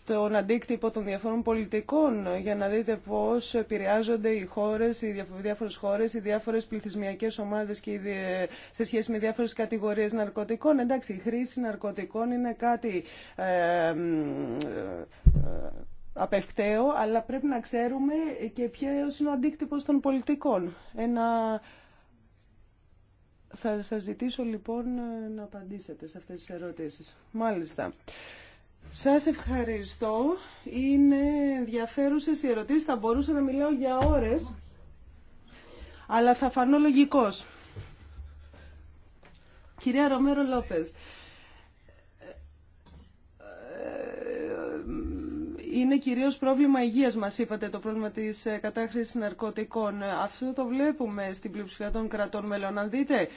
τον αντίκτυπο των διαφόρων πολιτικών για να δείτε πώς επηρεάζονται οι χώρες, οι διάφορες χώρες, οι διάφορες πληθυσμιακές ομάδες και σε σχέση με διάφορες κατηγορίες ναρκωτικών. Εντάξει, η χρήση ναρκωτικών είναι κάτι ε, ε, απευκταίο, αλλά πρέπει να ξέρουμε και ποιο είναι ο αντίκτυπος των πολιτικών. Ένα... Θα σας ζητήσω λοιπόν να απαντήσετε σε αυτές τις ερωτήσεις. Μάλιστα. Σας ευχαριστώ. Είναι ενδιαφέρουσες οι ερωτήσεις. Θα μπορούσα να μιλάω για ώρες, αλλά θα φανώ λογικός. Κυρία Ρομέρο Λόπες. είναι κυρίως πρόβλημα υγείας, μας είπατε, το πρόβλημα της ε, κατάχρησης ναρκωτικών. Αυτό το βλέπουμε στην πλειοψηφία των κρατών μελών. Αν δείτε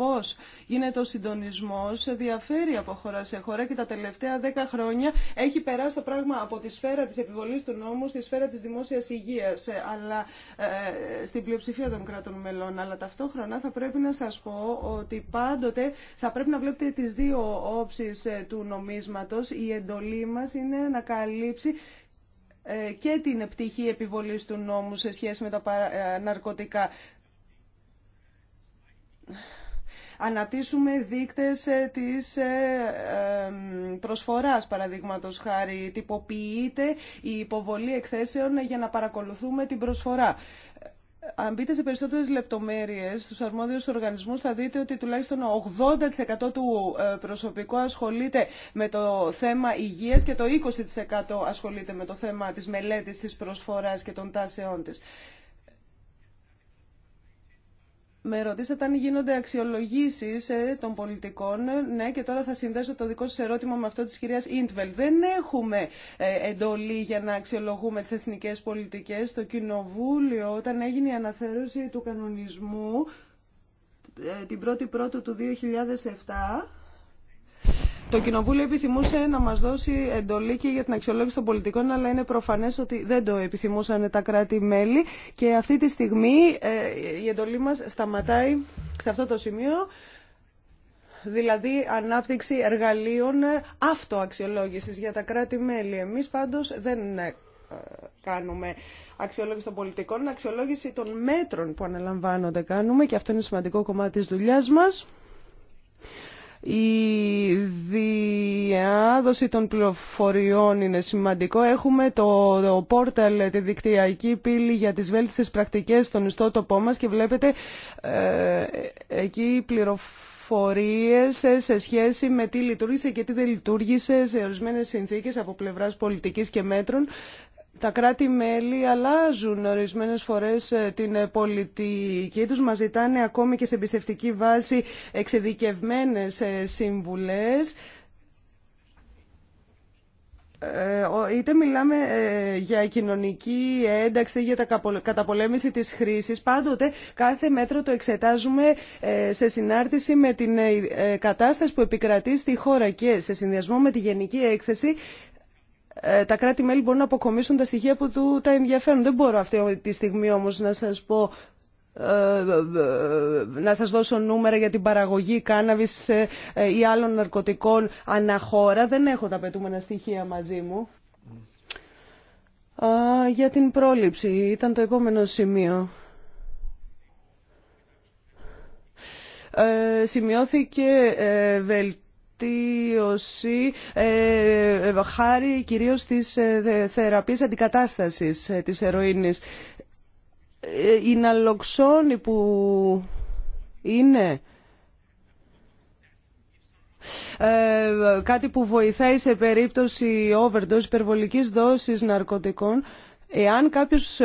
πώς γίνεται ο συντονισμός διαφέρει από χώρα σε χώρα και τα τελευταία δέκα χρόνια έχει περάσει το πράγμα από τη σφαίρα της επιβολής του νόμου στη σφαίρα της δημόσιας υγείας ε, αλλά ε, στην πλειοψηφία των κράτων μελών. Αλλά ταυτόχρονα θα πρέπει να σας πω ότι πάντοτε θα πρέπει να βλέπετε τις δύο όψεις ε, του νομίσματος. Η εντολή μας είναι να καλύψει και την πτυχή επιβολής του νόμου σε σχέση με τα ναρκωτικά αναπτύσσουμε δείκτες ε, της ε, προσφοράς, παραδείγματος χάρη. Τυποποιείται η υποβολή εκθέσεων για να παρακολουθούμε την προσφορά. Ε, αν μπείτε σε περισσότερε λεπτομέρειες στου αρμόδιους οργανισμούς θα δείτε ότι τουλάχιστον 80% του προσωπικού ασχολείται με το θέμα υγείας και το 20% ασχολείται με το θέμα της μελέτη τη προσφορά και των τάσεών τη. Με ρωτήσατε αν γίνονται αξιολογήσεις ε, των πολιτικών. Ε, ναι, και τώρα θα συνδέσω το δικό σα ερώτημα με αυτό της κυρίας Ίντβελ. Δεν έχουμε ε, εντολή για να αξιολογούμε τι εθνικέ πολιτικές. Το Κοινοβούλιο, όταν έγινε η αναθεώρηση του κανονισμού την 1η η του 2007, το Κοινοβούλιο επιθυμούσε να μας δώσει εντολή και για την αξιολόγηση των πολιτικών, αλλά είναι προφανές ότι δεν το επιθυμούσαν τα κράτη-μέλη και αυτή τη στιγμή ε, η εντολή μας σταματάει σε αυτό το σημείο δηλαδή ανάπτυξη εργαλείων αυτοαξιολόγησης για τα κράτη-μέλη. Εμείς πάντως δεν ε, κάνουμε αξιολόγηση των πολιτικών, αξιολόγηση των μέτρων που αναλαμβάνονται κάνουμε και αυτό είναι σημαντικό κομμάτι τη δουλειά μα. Η διάδοση των πληροφοριών είναι σημαντικό. Έχουμε το, πόρταλ, τη δικτυακή πύλη για τις βέλτιστες πρακτικές στον ιστότοπό μας και βλέπετε ε, εκεί πληροφορίες σε σχέση με τι λειτουργήσε και τι δεν λειτουργήσε σε ορισμένες συνθήκες από πλευράς πολιτικής και μέτρων τα κράτη-μέλη αλλάζουν ορισμένες φορές ε, την ε, πολιτική τους, μας ζητάνε ακόμη και σε εμπιστευτική βάση εξειδικευμένε ε, συμβουλές είτε μιλάμε για κοινωνική ένταξη, για τα καταπολέμηση της χρήσης, πάντοτε κάθε μέτρο το εξετάζουμε σε συνάρτηση με την κατάσταση που επικρατεί στη χώρα και σε συνδυασμό με τη Γενική Έκθεση ε, τα κράτη-μέλη μπορούν να αποκομίσουν τα στοιχεία που του τα ενδιαφέρουν. Δεν μπορώ αυτή τη στιγμή όμως να σας πω ε, ε, να σας δώσω νούμερα για την παραγωγή κάναβης ή άλλων ναρκωτικών αναχώρα. Δεν έχω τα πετούμενα στοιχεία μαζί μου. Για την πρόληψη ήταν το επόμενο σημείο. Σημειώθηκε βελτίωση βελτίωση ε, ε, χάρη κυρίως της ε, θεραπείας αντικατάστασης της ερωίνης. Η ναλοξόνη που είναι ε, κάτι που βοηθάει σε περίπτωση overdose, υπερβολικής δόσης ναρκωτικών. Εάν κάποιος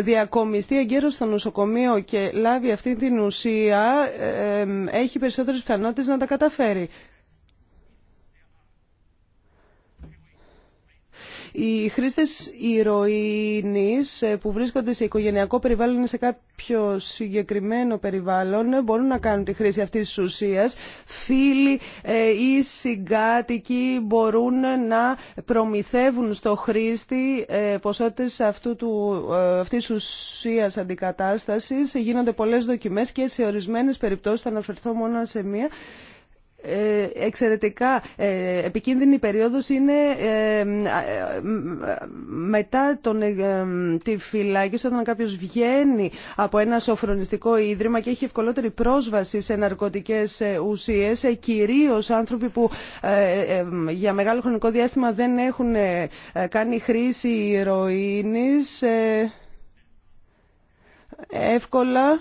διακομιστεί εγκαίρως στο νοσοκομείο και λάβει αυτή την ουσία, ε, έχει περισσότερες πιθανότητες να τα καταφέρει. Οι χρήστες ηρωίνη ε, που βρίσκονται σε οικογενειακό περιβάλλον ή σε κάποιο συγκεκριμένο περιβάλλον μπορούν να κάνουν τη χρήση αυτής της ουσίας. Φίλοι ε, ή συγκάτοικοι μπορούν να προμηθεύουν στο χρήστη ε, ποσότητες αυτού του, αυτής της ουσίας αντικατάστασης. Γίνονται πολλέ δοκιμές και σε ορισμένε περιπτώσει θα αναφερθώ μόνο σε μία, ε, εξαιρετικά ε, επικίνδυνη περίοδος είναι ε, μετά τον, τη φυλάκιση όταν κάποιος βγαίνει από ένα σοφρονιστικό ίδρυμα και έχει ευκολότερη πρόσβαση σε ναρκωτικές ουσίες κυρίως άνθρωποι που για μεγάλο χρονικό διάστημα δεν έχουν κάνει χρήση ηρωίνης εύκολα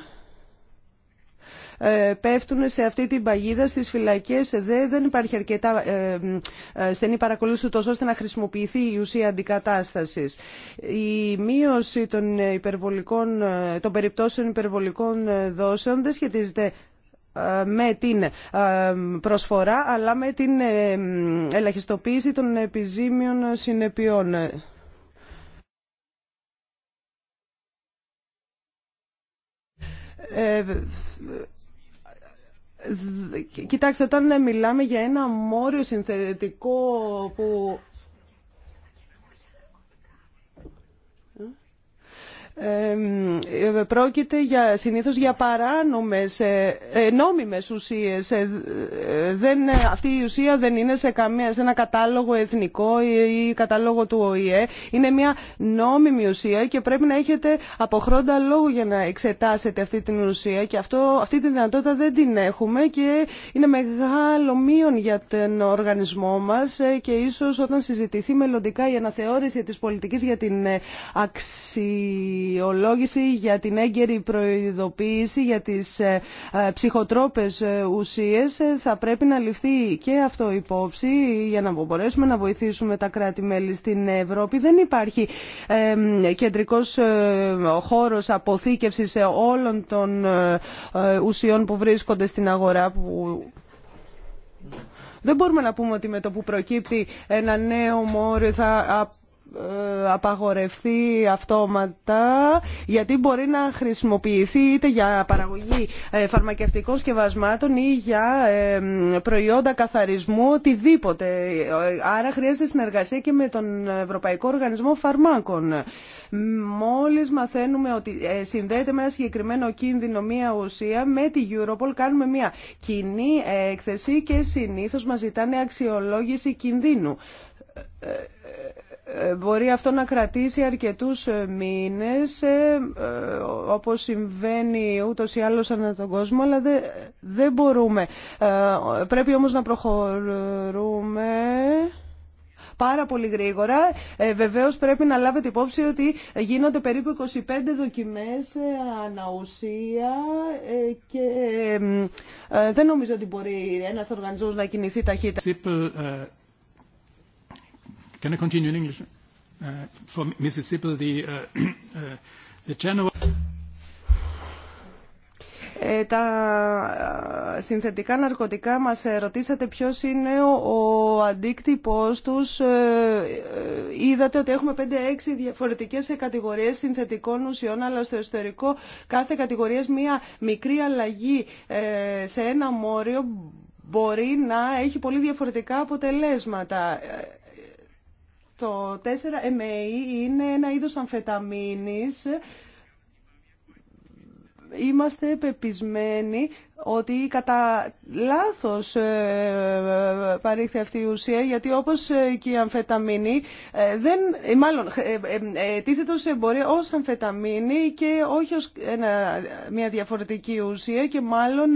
ε, πέφτουν σε αυτή την παγίδα στις φυλακές. Δεν υπάρχει αρκετά ε, ε, στενή παρακολούθηση τόσο ώστε να χρησιμοποιηθεί η ουσία αντικατάστασης. Η μείωση των, υπερβολικών, των περιπτώσεων υπερβολικών δόσεων δεν σχετίζεται με την προσφορά αλλά με την ελαχιστοποίηση των επιζήμιων συνεπειών. Κοιτάξτε, όταν μιλάμε για ένα μόριο συνθετικό που πρόκειται για, συνήθως για παράνομες, ε, ε, νόμιμες ουσίες. Ε, δεν, αυτή η ουσία δεν είναι σε, ένα κατάλογο εθνικό ή, κατάλογο του ΟΗΕ. Είναι μια νόμιμη ουσία και πρέπει να έχετε αποχρόντα λόγο για να εξετάσετε αυτή την ουσία και αυτό, αυτή τη δυνατότητα δεν την έχουμε και είναι μεγάλο μείον για τον οργανισμό μας και ίσως όταν συζητηθεί μελλοντικά η αναθεώρηση της πολιτικής για την αξία αξιολόγηση για την έγκαιρη προειδοποίηση για τις ε, ε, ψυχοτρόπες ε, ουσίες θα πρέπει να ληφθεί και αυτό υπόψη για να μπορέσουμε να βοηθήσουμε τα κράτη-μέλη στην Ευρώπη. Δεν υπάρχει κεντρικός χώρος αποθήκευσης όλων των ουσιών που βρίσκονται στην αγορά που δεν μπορούμε να πούμε ότι με το που προκύπτει ένα νέο μόριο θα ε, απαγορευθεί αυτόματα γιατί μπορεί να χρησιμοποιηθεί είτε για παραγωγή ε, φαρμακευτικών σκευασμάτων ή για ε, προϊόντα καθαρισμού, οτιδήποτε. Άρα χρειάζεται συνεργασία και με τον Ευρωπαϊκό Οργανισμό Φαρμάκων. Μόλις μαθαίνουμε ότι συνδέεται με ένα συγκεκριμένο κίνδυνο μία ουσία, με τη Europol κάνουμε μία κοινή έκθεση και συνήθως μας ζητάνε αξιολόγηση κινδύνου μπορεί αυτό να κρατήσει αρκετούς ε, μήνες, ε, ε, όπως συμβαίνει ούτως ή άλλως ανά τον κόσμο, αλλά δεν, μπορούμε. Πρέπει όμως να προχωρούμε πάρα πολύ γρήγορα. Ε, Βεβαίω πρέπει να λάβετε υπόψη ότι γίνονται περίπου 25 δοκιμέ αναουσία και δεν νομίζω ότι μπορεί ένας οργανισμός να κινηθεί ταχύτερα. Can I continue in English? Uh, for Mrs. Sippel, the uh, <clears throat> uh, general... Ε, τα ε, συνθετικά ναρκωτικά μας ε, ρωτήσατε ποιος είναι ο αντίκτυπος τους. Είδατε ότι έχουμε 5-6 διαφορετικές κατηγορίες συνθετικών ουσιών, αλλά στο εσωτερικό κάθε κατηγορία μία μικρή αλλαγή σε ένα μόριο μπορεί να έχει πολύ διαφορετικά αποτελέσματα. Το 4-MA είναι ένα είδος αμφεταμίνης είμαστε πεπισμένοι ότι κατά λάθος ε, παρήχθη αυτή η ουσία γιατί όπως ε, και η αμφεταμίνη ε, δεν, μάλλον τίθεται σε εμπορία ω αμφεταμίνη και όχι ω μια διαφορετική ουσία και μάλλον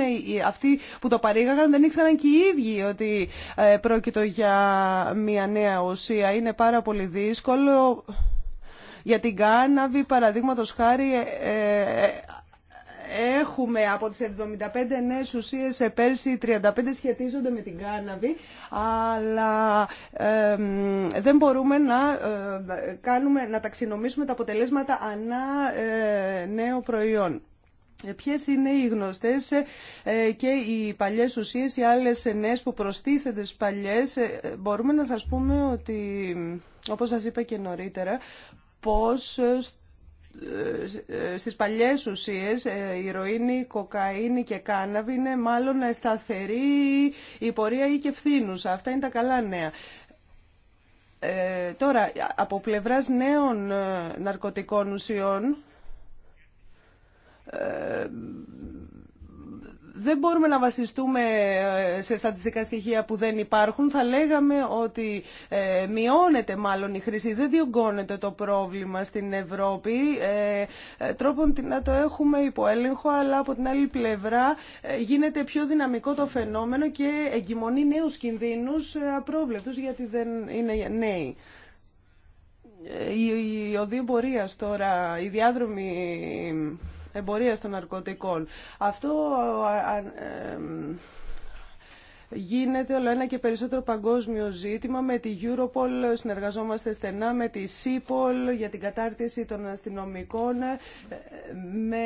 αυτοί που το παρήγαγαν δεν ήξεραν και οι ίδιοι ότι πρόκειται για μια νέα ουσία. Είναι πάρα πολύ δύσκολο για την κάναβη, παραδείγματο χάρη, έχουμε από τις 75 νέες ουσίες πέρσι 35 σχετίζονται με την κάναβη αλλά δεν μπορούμε να, ε, κάνουμε, να ταξινομήσουμε τα αποτελέσματα ανά ε, νέο προϊόν. Ε, Ποιε είναι οι γνωστές ε, και οι παλιές ουσίες, οι άλλες νέες που προστίθενται στις παλιές. Μπορούμε να σας πούμε ότι, όπως σας είπα και νωρίτερα, πως στις παλιές ουσίες, ε, ηρωίνη, κοκαίνη και κάναβη, είναι μάλλον σταθερή η πορεία ή και φθήνουσα. Αυτά είναι τα καλά νέα. Ε, τώρα, από πλευράς νέων ε, ναρκωτικών ουσιών, δεν μπορούμε να βασιστούμε ε, σε στατιστικά στοιχεία που δεν υπάρχουν. Θα λέγαμε ότι ε, μειώνεται μάλλον η χρήση, δεν διωγγώνεται το πρόβλημα στην Ευρώπη. Ε, τρόπον να το έχουμε υποέλεγχο, αλλά από την άλλη πλευρά γίνεται πιο δυναμικό το φαινόμενο και εγκυμονεί νέους κινδύνους απρόβλεπτους γιατί δεν είναι νέοι. Η οδή πορείας τώρα, η διάδρομη εμπορία των ναρκωτικών. Αυτό γίνεται όλο ένα και περισσότερο παγκόσμιο ζήτημα. Με τη Europol συνεργαζόμαστε στενά, με τη CIPOL για την κατάρτιση των αστυνομικών, ε, με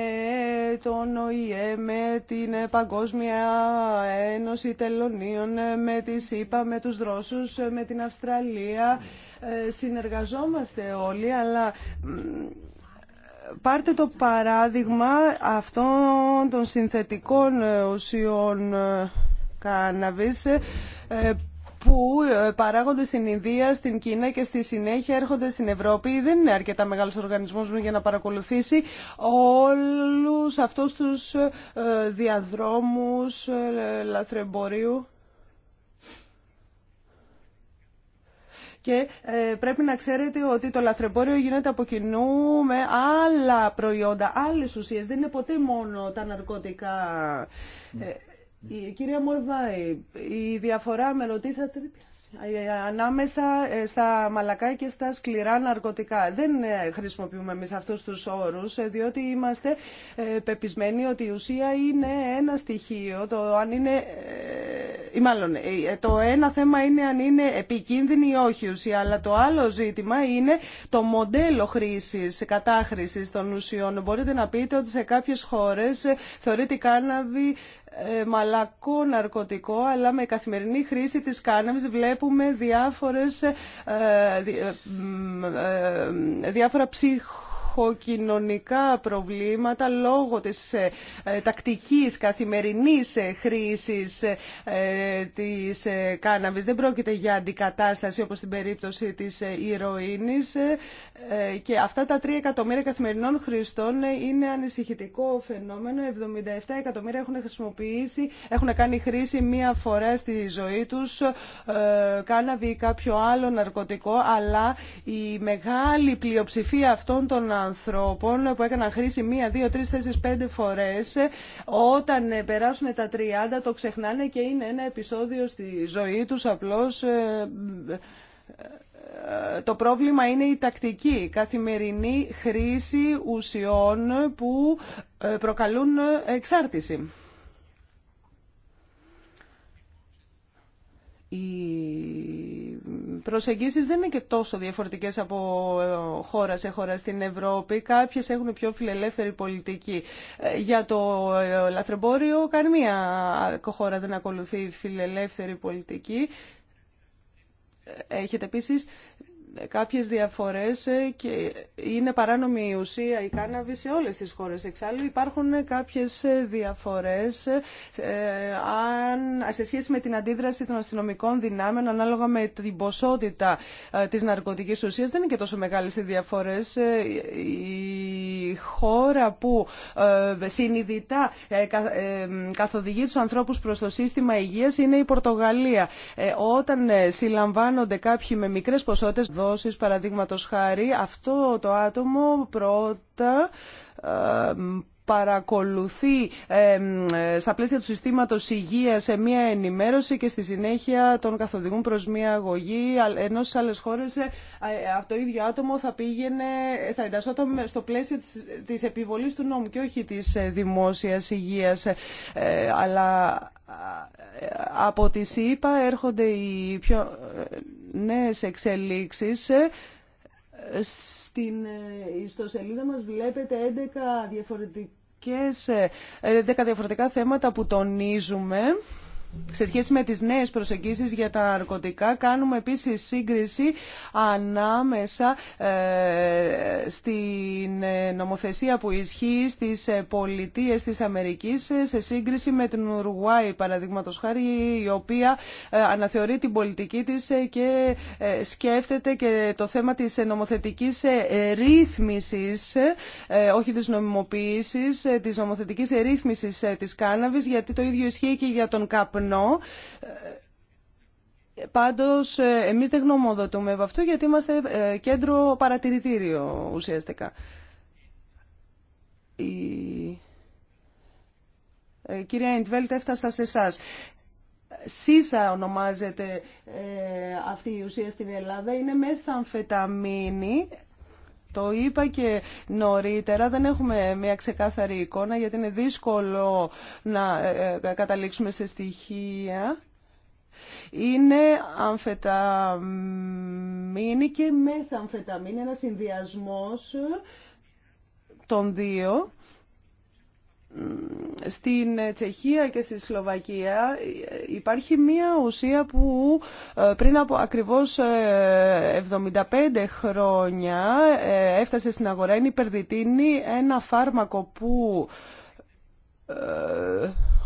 τον ΟΗΕ, με την Παγκόσμια Ένωση Τελωνίων, με τη ΣΥΠΑ, με τους δρόσους, με την Αυστραλία. Ε, συνεργαζόμαστε όλοι, αλλά πάρτε το παράδειγμα αυτών των συνθετικών ε, ουσιών κάναβης ε, ε, που παράγονται στην Ινδία, στην Κίνα και στη συνέχεια έρχονται στην Ευρώπη. Δεν είναι αρκετά μεγάλος οργανισμός για να παρακολουθήσει όλους αυτούς τους διαδρόμους λαθρεμπορίου. και ε, πρέπει να ξέρετε ότι το λαθρεμπόριο γίνεται από κοινού με άλλα προϊόντα, άλλε ουσίες. Δεν είναι ποτέ μόνο τα ναρκωτικά. Ε, η κυρία Μορβάη, η διαφορά με ρωτήσατε ανάμεσα ε, στα μαλακά και στα σκληρά ναρκωτικά. Δεν χρησιμοποιούμε εμεί αυτούς τους όρους, διότι είμαστε πεπισμένοι ότι η ουσία είναι ένα στοιχείο, το αν είναι ή μάλλον ε, το ένα θέμα είναι αν είναι επικίνδυνη ή όχι ουσία, αλλά το άλλο ζήτημα είναι το μοντέλο χρήσης, κατάχρησης των ουσιών. Μπορείτε να πείτε ότι σε κάποιες χώρες ε, θεωρείται η κάναβη ε, μαλακό ναρκωτικό, αλλά με καθημερινή χρήση της κάναβης βλέπουμε διάφορες, διάφορα ψυχο ψυχοκοινωνικά προβλήματα λόγω της ε, ε, τακτικής καθημερινής ε, χρήσης της κάναβης. Δεν πρόκειται για αντικατάσταση όπως στην περίπτωση της ηρωίνης και αυτά τα 3 εκατομμύρια καθημερινών χρηστών είναι ανησυχητικό φαινόμενο. 77 εκατομμύρια έχουν χρησιμοποιήσει, έχουν κάνει χρήση μία φορά στη ζωή τους κάναβη ή κάποιο άλλο ναρκωτικό αλλά η μεγάλη πλειοψηφία αυτών των ανθρώπων που έκαναν χρήση μία, δύο, τρεις, τέσσερις, πέντε φορές όταν περάσουν τα 30 το ξεχνάνε και είναι ένα επεισόδιο στη ζωή τους απλώς ε, ε, το πρόβλημα είναι η τακτική, καθημερινή χρήση ουσιών που ε, προκαλούν εξάρτηση. Η προσεγγίσεις δεν είναι και τόσο διαφορετικές από ε, χώρα σε χώρα στην Ευρώπη. Κάποιες έχουν πιο φιλελεύθερη πολιτική. Ε, για το ε, λαθρεμπόριο καμία χώρα δεν ακολουθεί φιλελεύθερη πολιτική. Έχετε επίσης κάποιες διαφορές ε, και είναι παράνομη η ουσία η κάναβη σε όλες τις χώρες. Εξάλλου υπάρχουν κάποιες ε, διαφορές ε, σε σχέση με την αντίδραση των αστυνομικών δυνάμεων ανάλογα με την ποσότητα της ναρκωτικής ουσίας. Δεν είναι και τόσο μεγάλες οι διαφορές. Η χώρα που συνειδητά καθοδηγεί τους ανθρώπους προς το σύστημα υγείας είναι η Πορτογαλία. Όταν συλλαμβάνονται κάποιοι με μικρές ποσότητες παραδόσεις παραδείγματος χάρη αυτό το άτομο πρώτα ε, παρακολουθεί στα πλαίσια του συστήματος υγεία σε μία ενημέρωση και στη συνέχεια τον καθοδηγούν προς μία αγωγή ενώ στις άλλες χώρες ε, αυτό το ίδιο άτομο θα πήγαινε, θα εντασσόταν στο πλαίσιο της, της επιβολής του νόμου και όχι της ε, δημόσιας υγείας ε, αλλά από τη ΣΥΠΑ έρχονται οι πιο νέες εξελίξεις στην ιστοσελίδα ε, μας βλέπετε 11 διαφορετικές, 11 ε, ε, διαφορετικά θέματα που τονίζουμε. Σε σχέση με τις νέες προσεγγίσεις για τα ναρκωτικά κάνουμε επίσης σύγκριση ανάμεσα ε, στην ε, νομοθεσία που ισχύει στις ε, πολιτείες της Αμερικής σε σύγκριση με την Ουρουάη παραδείγματος χάρη η οποία αναθεωρεί την πολιτική της και σκέφτεται και το θέμα της νομοθετικής ρύθμισης όχι της νομιμοποίησης, της νομοθετικής ρύθμισης της κάναβης γιατί το ίδιο ισχύει και για τον καπνό Πάντω Πάντως, ε, εμείς δεν γνωμοδοτούμε από αυτό γιατί είμαστε ε, κέντρο παρατηρητήριο ουσιαστικά. Ε, κυρία Ιντβέλτ, έφτασα σε εσά. ΣΥΣΑ ονομάζεται αυτή η ουσία στην Ελλάδα. Είναι μεθαμφεταμίνη. Το είπα και νωρίτερα, δεν έχουμε μια ξεκάθαρη εικόνα γιατί είναι δύσκολο να ε, ε, καταλήξουμε σε στοιχεία. Είναι αμφεταμίνη και μεθαμφεταμίνη, ένα συνδυασμός των δύο στην Τσεχία και στη Σλοβακία υπάρχει μία ουσία που ε, πριν από ακριβώς 75 ε, χρόνια ε, έφτασε στην αγορά. Είναι υπερδιτίνη, ένα φάρμακο που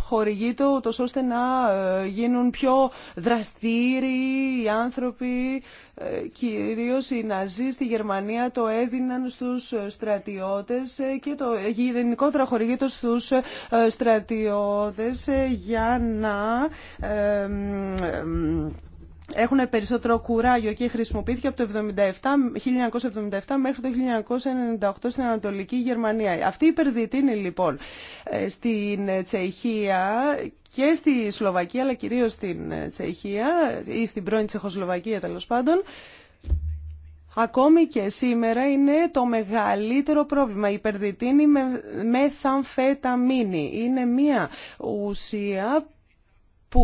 χορηγείται ώστε να ε, γίνουν πιο δραστήριοι οι άνθρωποι, ε, κυρίως οι Ναζί στη Γερμανία το έδιναν στους ε, στρατιώτες και το γενικότερα χορηγείται στους στρατιώτες για να έχουν περισσότερο κουράγιο και χρησιμοποιήθηκε από το 1977, 1977 μέχρι το 1998 στην Ανατολική Γερμανία. Αυτή η υπερδιτίνη λοιπόν ε, στην ε, Τσεχία και στη Σλοβακία, αλλά κυρίως στην ε, Τσεχία ή στην πρώην Τσεχοσλοβακία τέλος πάντων, Ακόμη και σήμερα είναι το μεγαλύτερο πρόβλημα. Η στην πρωην τσεχοσλοβακια τελος παντων ακομη και σημερα ειναι το μεγαλυτερο προβλημα η υπερδιτινη με μεθαμφεταμίνη είναι μία ουσία που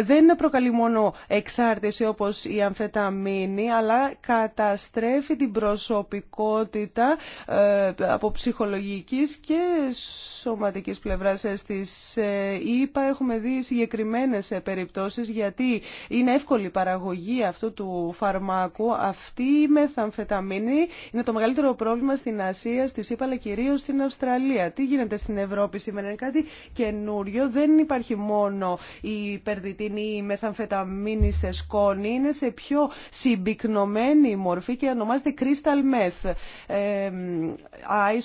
δεν προκαλεί μόνο εξάρτηση όπως η αμφεταμίνη, αλλά καταστρέφει την προσωπικότητα ε, από ψυχολογικής και σωματικής πλευράς ε, στις ε, ΙΠΑ. Έχουμε δει συγκεκριμένες περιπτώσεις γιατί είναι εύκολη η παραγωγή αυτού του φαρμάκου. Αυτή η μεθαμφεταμίνη είναι το μεγαλύτερο πρόβλημα στην Ασία, στις ΙΠΑ, αλλά κυρίως στην Αυστραλία. Τι γίνεται στην Ευρώπη σήμερα, είναι κάτι καινούριο. Δεν υπάρχει μόνο η υπερδιτή είναι ή μεθαμφεταμίνη σε σκόνη. Είναι σε πιο συμπυκνωμένη μορφή και ονομάζεται crystal meth. Ε,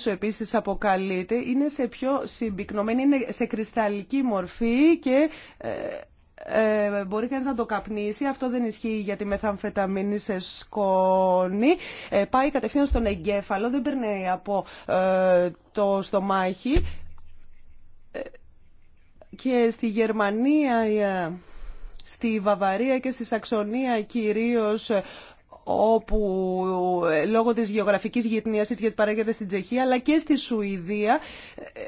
επίσης αποκαλείται. Είναι σε πιο συμπυκνωμένη, είναι σε κρυσταλλική μορφή και... Ε, ε, μπορεί κανείς να το καπνίσει. Αυτό δεν ισχύει για τη μεθαμφεταμίνη σε σκόνη. Ε, πάει κατευθείαν στον εγκέφαλο, δεν περνάει από ε, το στομάχι. Ε, και στη Γερμανία στη Βαυαρία και στη Σαξονία κυρίως όπου ε, λόγω της γεωγραφικής γειτνίας γιατί παράγεται στην Τσεχία αλλά και στη Σουηδία ε,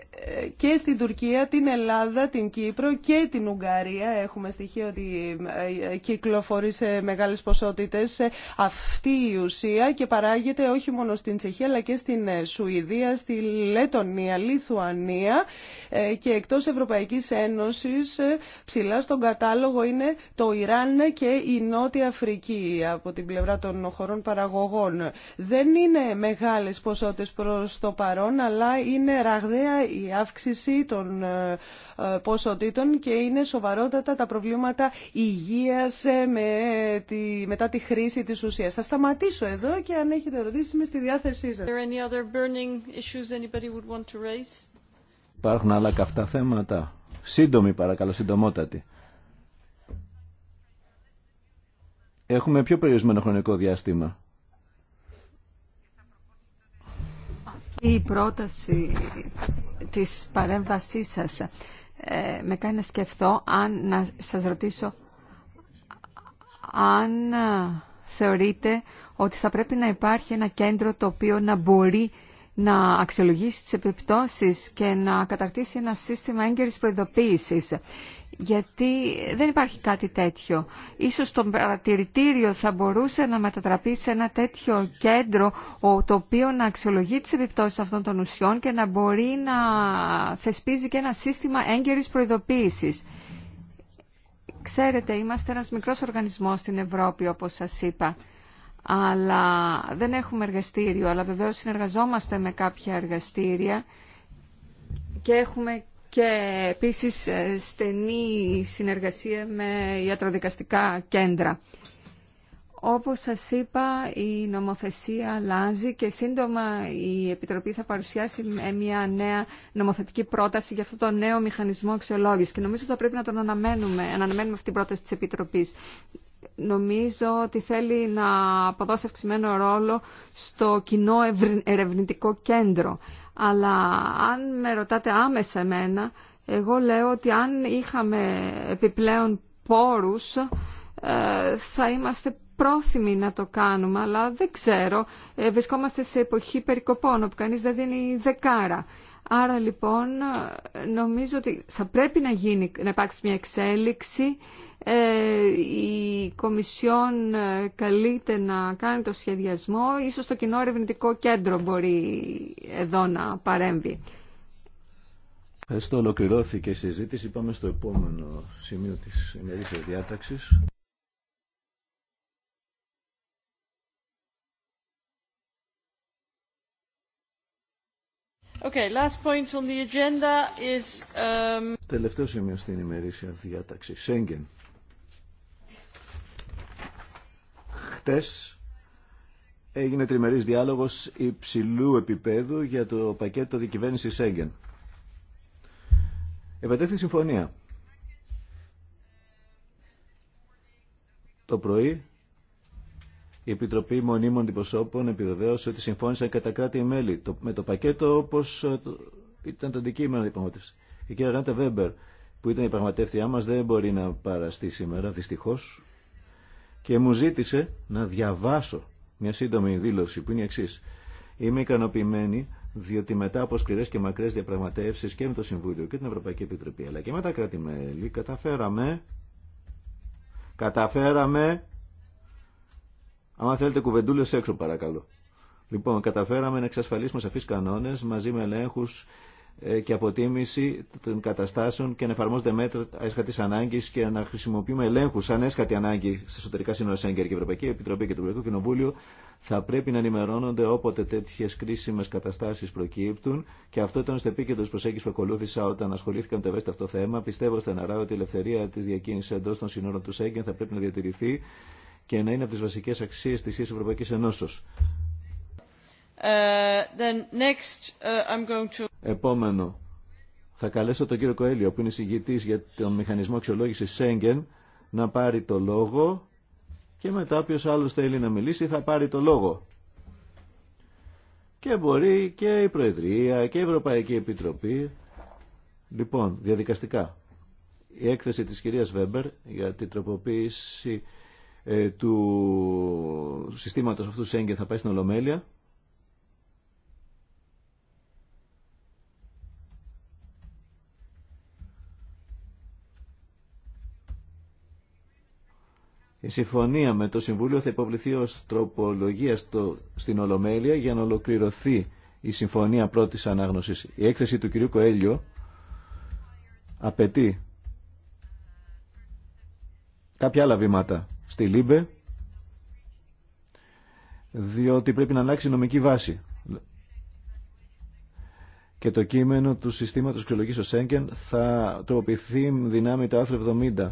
ε, και στην Τουρκία, την Ελλάδα, την Κύπρο και την Ουγγαρία έχουμε στοιχείο ότι κυκλοφορεί σε μεγάλες ποσότητες αυτή η ουσία και παράγεται όχι μόνο στην Τσεχία αλλά και στην Σουηδία, στη Λετωνία, Λιθουανία και εκτός Ευρωπαϊκής Ένωσης ψηλά στον κατάλογο είναι το Ιράν και η Νότια Αφρική από την πλευρά των των χωρών παραγωγών. Δεν είναι μεγάλες ποσότητες προς το παρόν, αλλά είναι ραγδαία η αύξηση των ε, ε, ποσοτήτων και είναι σοβαρότατα τα προβλήματα υγείας ε, με τη, μετά τη χρήση της ουσίας. Θα σταματήσω εδώ και αν έχετε ερωτήσεις είμαι στη διάθεσή σας. Υπάρχουν άλλα καυτά θέματα. Σύντομη παρακαλώ, συντομότατη. έχουμε πιο περιορισμένο χρονικό διάστημα. Η πρόταση της παρέμβασής σας ε, με κάνει να σκεφτώ αν να σας ρωτήσω αν ε, θεωρείτε ότι θα πρέπει να υπάρχει ένα κέντρο το οποίο να μπορεί να αξιολογήσει τις επιπτώσεις και να καταρτήσει ένα σύστημα έγκαιρης προειδοποίησης γιατί δεν υπάρχει κάτι τέτοιο. Ίσως το παρατηρητήριο θα μπορούσε να μετατραπεί σε ένα τέτοιο κέντρο το οποίο να αξιολογεί τις επιπτώσεις αυτών των ουσιών και να μπορεί να θεσπίζει και ένα σύστημα έγκαιρης προειδοποίησης. Ξέρετε, είμαστε ένας μικρός οργανισμός στην Ευρώπη, όπως σας είπα αλλά δεν έχουμε εργαστήριο, αλλά βεβαίως συνεργαζόμαστε με κάποια εργαστήρια και έχουμε και επίσης ε, στενή συνεργασία με ιατροδικαστικά κέντρα. Όπως σας είπα, η νομοθεσία αλλάζει και σύντομα η Επιτροπή θα παρουσιάσει ε, μια νέα νομοθετική πρόταση για αυτό το νέο μηχανισμό αξιολόγηση. Και νομίζω ότι θα πρέπει να τον αναμένουμε, αναμένουμε αυτή την πρόταση της Επιτροπής. Νομίζω ότι θέλει να αποδώσει αυξημένο ρόλο στο κοινό ερευνητικό κέντρο. Αλλά αν με ρωτάτε άμεσα εμένα, εγώ λέω ότι αν είχαμε επιπλέον πόρους ε, θα είμαστε πρόθυμοι να το κάνουμε, αλλά δεν ξέρω. Ε, βρισκόμαστε σε εποχή περικοπών όπου κανείς δεν δίνει δεκάρα. Άρα λοιπόν νομίζω ότι θα πρέπει να, γίνει, να υπάρξει μια εξέλιξη. Ε, η Κομισιόν ε, καλείται να κάνει το σχεδιασμό. Ίσως το κοινό ερευνητικό κέντρο μπορεί εδώ να παρέμβει. Ευχαριστώ. Ολοκληρώθηκε η συζήτηση. Πάμε στο επόμενο σημείο της ημερής διάταξης. Okay, last um, Τελευταίο σημείο στην ημερήσια διάταξη. Σέγγεν. Χτες έγινε τριμερής διάλογος υψηλού επίπεδου για το πακέτο δικυβέρνηση Σέγγεν. Επετέφθη συμφωνία. Το πρωί η Επιτροπή Μονίμων Αντιπροσώπων επιβεβαίωσε ότι συμφώνησαν κατά κράτη μέλη με το πακέτο όπω ε, ήταν το αντικείμενο διαπραγματεύση. Η κυρία Ράντα Βέμπερ, που ήταν η πραγματεύτριά μα, δεν μπορεί να παραστεί σήμερα, δυστυχώ. Και μου ζήτησε να διαβάσω μια σύντομη δήλωση που είναι η εξή. Είμαι ικανοποιημένη διότι μετά από σκληρέ και μακρέ διαπραγματεύσει και με το Συμβούλιο και την Ευρωπαϊκή Επιτροπή αλλά και με τα κράτη-μέλη καταφέραμε, καταφέραμε αν θέλετε κουβεντούλε έξω παρακαλώ. Λοιπόν, καταφέραμε να εξασφαλίσουμε σαφεί κανόνε μαζί με ελέγχου ε, και αποτίμηση των καταστάσεων και να εφαρμόζονται μέτρα έσχατη ανάγκη και να χρησιμοποιούμε ελέγχου σαν έσχατη ανάγκη στα εσωτερικά σύνορα Σέγγερ και Ευρωπαϊκή Επιτροπή και το Ευρωπαϊκό Κοινοβούλιο θα πρέπει να ενημερώνονται όποτε τέτοιε κρίσιμε καταστάσει προκύπτουν και αυτό ήταν στο επίκεντρο τη προσέγγιση που ακολούθησα όταν ασχολήθηκα με το ευαίσθητο αυτό θέμα. Πιστεύω στεναρά ότι η ελευθερία τη διακίνηση εντό των σύνορων του Σέγγεν θα πρέπει να διατηρηθεί και να είναι από τις βασικές αξίες της Ευρωπαϊκής Ενώσεως. Ε, ε, Επόμενο, θα καλέσω τον κύριο Κοέλιο, που είναι συγγητής για τον μηχανισμό αξιολόγηση Σέγγεν, να πάρει το λόγο και μετά όποιο άλλο θέλει να μιλήσει θα πάρει το λόγο. Και μπορεί και η Προεδρία και η Ευρωπαϊκή Επιτροπή. Λοιπόν, διαδικαστικά. Η έκθεση της κυρίας Βέμπερ για την τροποποίηση ε, του συστήματος αυτού Σέγγεν θα πάει στην Ολομέλεια. Η συμφωνία με το Συμβούλιο θα υποβληθεί ως τροπολογία στο, στην Ολομέλεια για να ολοκληρωθεί η συμφωνία πρώτης ανάγνωσης. Η έκθεση του κυρίου Κοέλιο απαιτεί κάποια άλλα βήματα στη ΛΥΜΠΕ διότι πρέπει να αλλάξει η νομική βάση. Και το κείμενο του συστήματος ο ΣΕΝΚΕΝ θα τροποποιηθεί δυνάμει το άθρο 70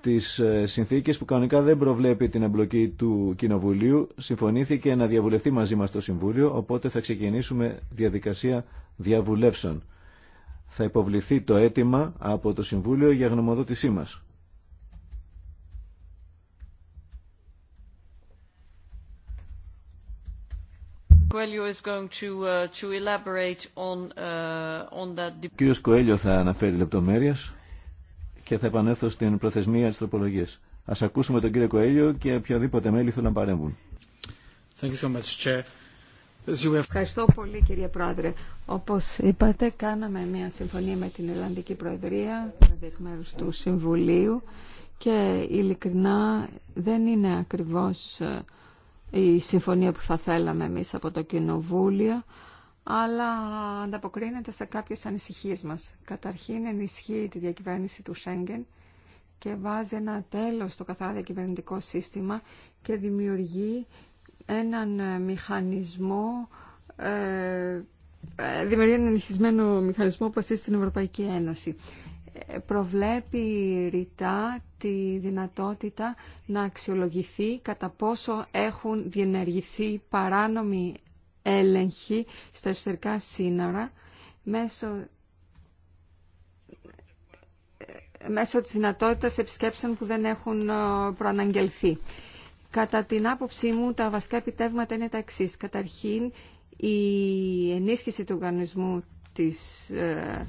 της ε, συνθήκης που κανονικά δεν προβλέπει την εμπλοκή του Κοινοβουλίου. Συμφωνήθηκε να διαβουλευτεί μαζί μας το Συμβούλιο, οπότε θα ξεκινήσουμε διαδικασία διαβουλεύσεων. Θα υποβληθεί το αίτημα από το Συμβούλιο για γνωμοδότησή μας. Ο uh, uh, κύριος Κοέλιο θα αναφέρει λεπτομέρειες και θα επανέλθω στην προθεσμία της τροπολογίας. Ας ακούσουμε τον κύριο Κοέλιο και οποιοδήποτε μέλη θέλουν να παρέμβουν. Ευχαριστώ πολύ κύριε Πρόεδρε. Όπως είπατε κάναμε μια συμφωνία με την Ελλανδική Προεδρία με μέρου του Συμβουλίου και ειλικρινά δεν είναι ακριβώς ε, η συμφωνία που θα θέλαμε εμείς από το Κοινοβούλιο, αλλά ανταποκρίνεται σε κάποιες ανησυχίες μας. Καταρχήν ενισχύει τη διακυβέρνηση του Σέγγεν και βάζει ένα τέλος στο καθαρά διακυβερνητικό σύστημα και δημιουργεί έναν ε, μηχανισμό ε, ε, δημιουργεί έναν ενισχυσμένο μηχανισμό που ασύστησε στην Ευρωπαϊκή Ένωση προβλέπει ρητά τη δυνατότητα να αξιολογηθεί κατά πόσο έχουν διενεργηθεί παράνομοι έλεγχοι στα εσωτερικά σύνορα μέσω μέσω της δυνατότητας επισκέψεων που δεν έχουν ε, προαναγγελθεί. Κατά την άποψή μου, τα βασικά επιτεύγματα είναι τα εξή. Καταρχήν, η ενίσχυση του οργανισμού της ε,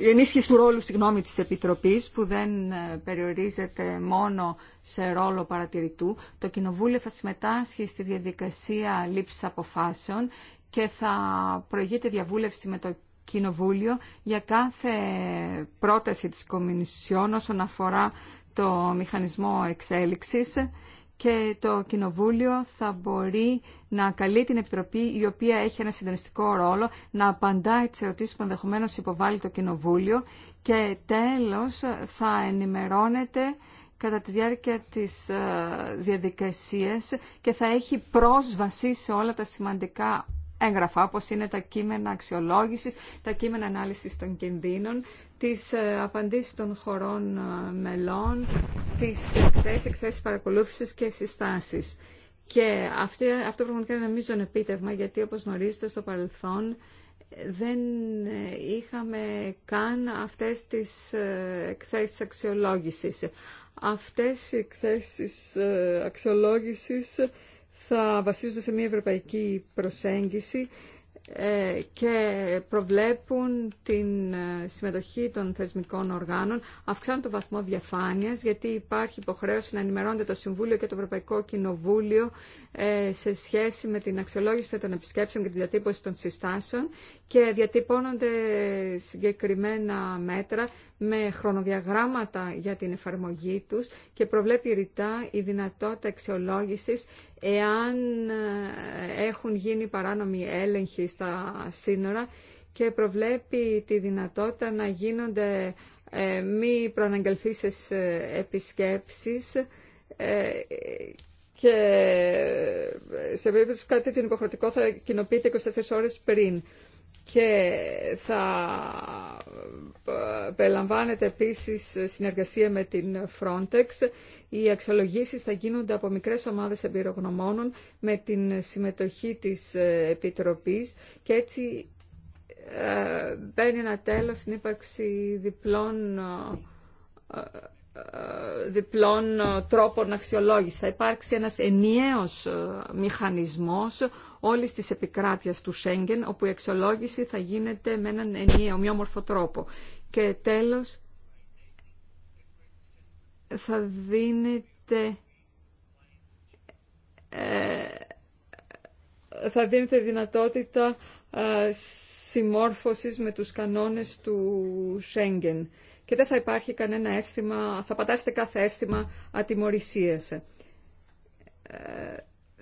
η ενίσχυση του ρόλου συγγνώμη, της Επιτροπής που δεν ε, περιορίζεται μόνο σε ρόλο παρατηρητού. Το Κοινοβούλιο θα συμμετάσχει στη διαδικασία λήψης αποφάσεων και θα προηγείται διαβούλευση με το Κοινοβούλιο για κάθε πρόταση της Κομινισιών όσον αφορά το μηχανισμό εξέλιξης και το Κοινοβούλιο θα μπορεί να καλεί την Επιτροπή η οποία έχει ένα συντονιστικό ρόλο να απαντάει τις ερωτήσεις που ενδεχομένω υποβάλλει το Κοινοβούλιο και τέλος θα ενημερώνεται κατά τη διάρκεια της ε, διαδικασίας και θα έχει πρόσβαση σε όλα τα σημαντικά έγγραφα, όπως είναι τα κείμενα αξιολόγησης, τα κείμενα ανάλυσης των κινδύνων, τις ε, απαντήσεις των χωρών ε, μελών, τις εκθέσεις, παρακολούθησης και συστάσεις. Και αυτή, αυτό πραγματικά είναι ένα μείζον επίτευγμα, γιατί όπως γνωρίζετε στο παρελθόν, ε, δεν είχαμε καν αυτές τις εκθέσεις αξιολόγησης. Αυτές οι εκθέσεις αξιολόγησης θα βασίζονται σε μια ευρωπαϊκή προσέγγιση ε, και προβλέπουν την ε, συμμετοχή των θεσμικών οργάνων, αυξάνουν το βαθμό διαφάνειας, γιατί υπάρχει υποχρέωση να ενημερώνεται το Συμβούλιο και το Ευρωπαϊκό Κοινοβούλιο ε, σε σχέση με την αξιολόγηση των επισκέψεων και τη διατύπωση των συστάσεων και διατυπώνονται συγκεκριμένα μέτρα με χρονοδιαγράμματα για την εφαρμογή τους και προβλέπει ρητά η δυνατότητα αξιολόγησης εάν ε, έχουν γίνει παράνομοι έλεγχοι στα σύνορα και προβλέπει τη δυνατότητα να γίνονται ε, μη προαναγγελθήσεις ε, επισκέψεις και σε περίπτωση κάτι την υποχρεωτικό θα κοινοποιείται 24 ώρες πριν και θα ε, περιλαμβάνεται επίσης συνεργασία με την Frontex. Οι αξιολογήσεις θα γίνονται από μικρές ομάδες εμπειρογνωμόνων με την συμμετοχή της ε, Επιτροπής και έτσι ε, μπαίνει ένα τέλος στην ύπαρξη διπλών ε, διπλών ε, τρόπων αξιολόγηση. Θα υπάρξει ένας ενιαίος ε, μηχανισμός όλης της επικράτειας του Σέγγεν, όπου η αξιολόγηση θα γίνεται με έναν ενιαίο, ομοιόμορφο τρόπο. Και τέλος, θα δίνεται... θα δίνεται δυνατότητα συμμόρφωσης με τους κανόνες του Σέγγεν και δεν θα υπάρχει κανένα αίσθημα, θα πατάσετε κάθε αίσθημα ατιμορρησίας. Ε,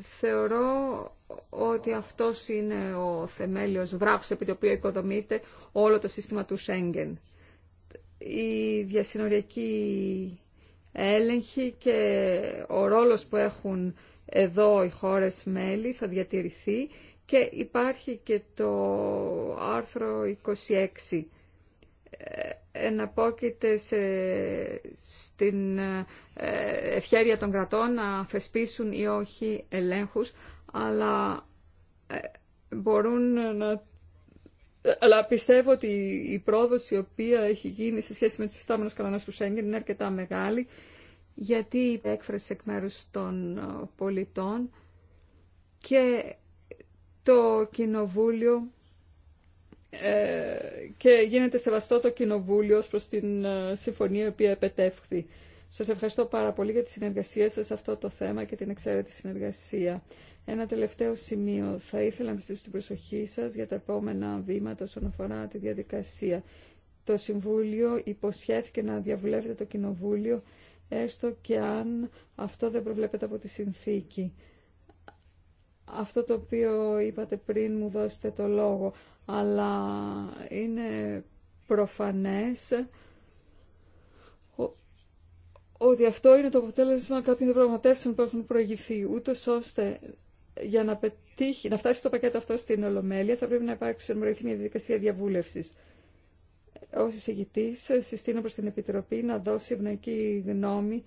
θεωρώ ότι αυτός είναι ο θεμέλιος βράχος επί το οποίο οικοδομείται όλο το σύστημα του Σέγγεν. Η διασυνοριακή έλεγχη και ο ρόλος που έχουν εδώ οι χώρες μέλη θα διατηρηθεί και υπάρχει και το άρθρο 26 εναπόκειται σε, στην ε, ευχέρεια των κρατών να θεσπίσουν ή όχι ελέγχους, αλλά ε, μπορούν να... Αλλά πιστεύω ότι η οχι ελεγχους αλλα μπορουν αλλα πιστευω οτι η οποία έχει γίνει σε σχέση με τους φυστάμενους κανόνες του Σέγγεν είναι αρκετά μεγάλη, γιατί η έκφραση εκ μέρους των ε, πολιτών και το Κοινοβούλιο ε, και γίνεται σεβαστό το Κοινοβούλιο ως προς την ε, συμφωνία η οποία επετεύχθη. Σας ευχαριστώ πάρα πολύ για τη συνεργασία σας σε αυτό το θέμα και την εξαίρετη συνεργασία. Ένα τελευταίο σημείο. Θα ήθελα να πιστήσω την προσοχή σας για τα επόμενα βήματα όσον αφορά τη διαδικασία. Το Συμβούλιο υποσχέθηκε να διαβουλεύεται το Κοινοβούλιο έστω και αν αυτό δεν προβλέπεται από τη συνθήκη. Αυτό το οποίο είπατε πριν μου δώσετε το λόγο αλλά είναι προφανές ότι αυτό είναι το αποτέλεσμα κάποιων διαπραγματεύσεων που έχουν προηγηθεί, ούτω ώστε για να, πετύχει, να φτάσει το πακέτο αυτό στην Ολομέλεια θα πρέπει να υπάρξει μια διαδικασία διαβούλευση. Ω εισηγητή, συστήνω προ την Επιτροπή να δώσει ευνοϊκή γνώμη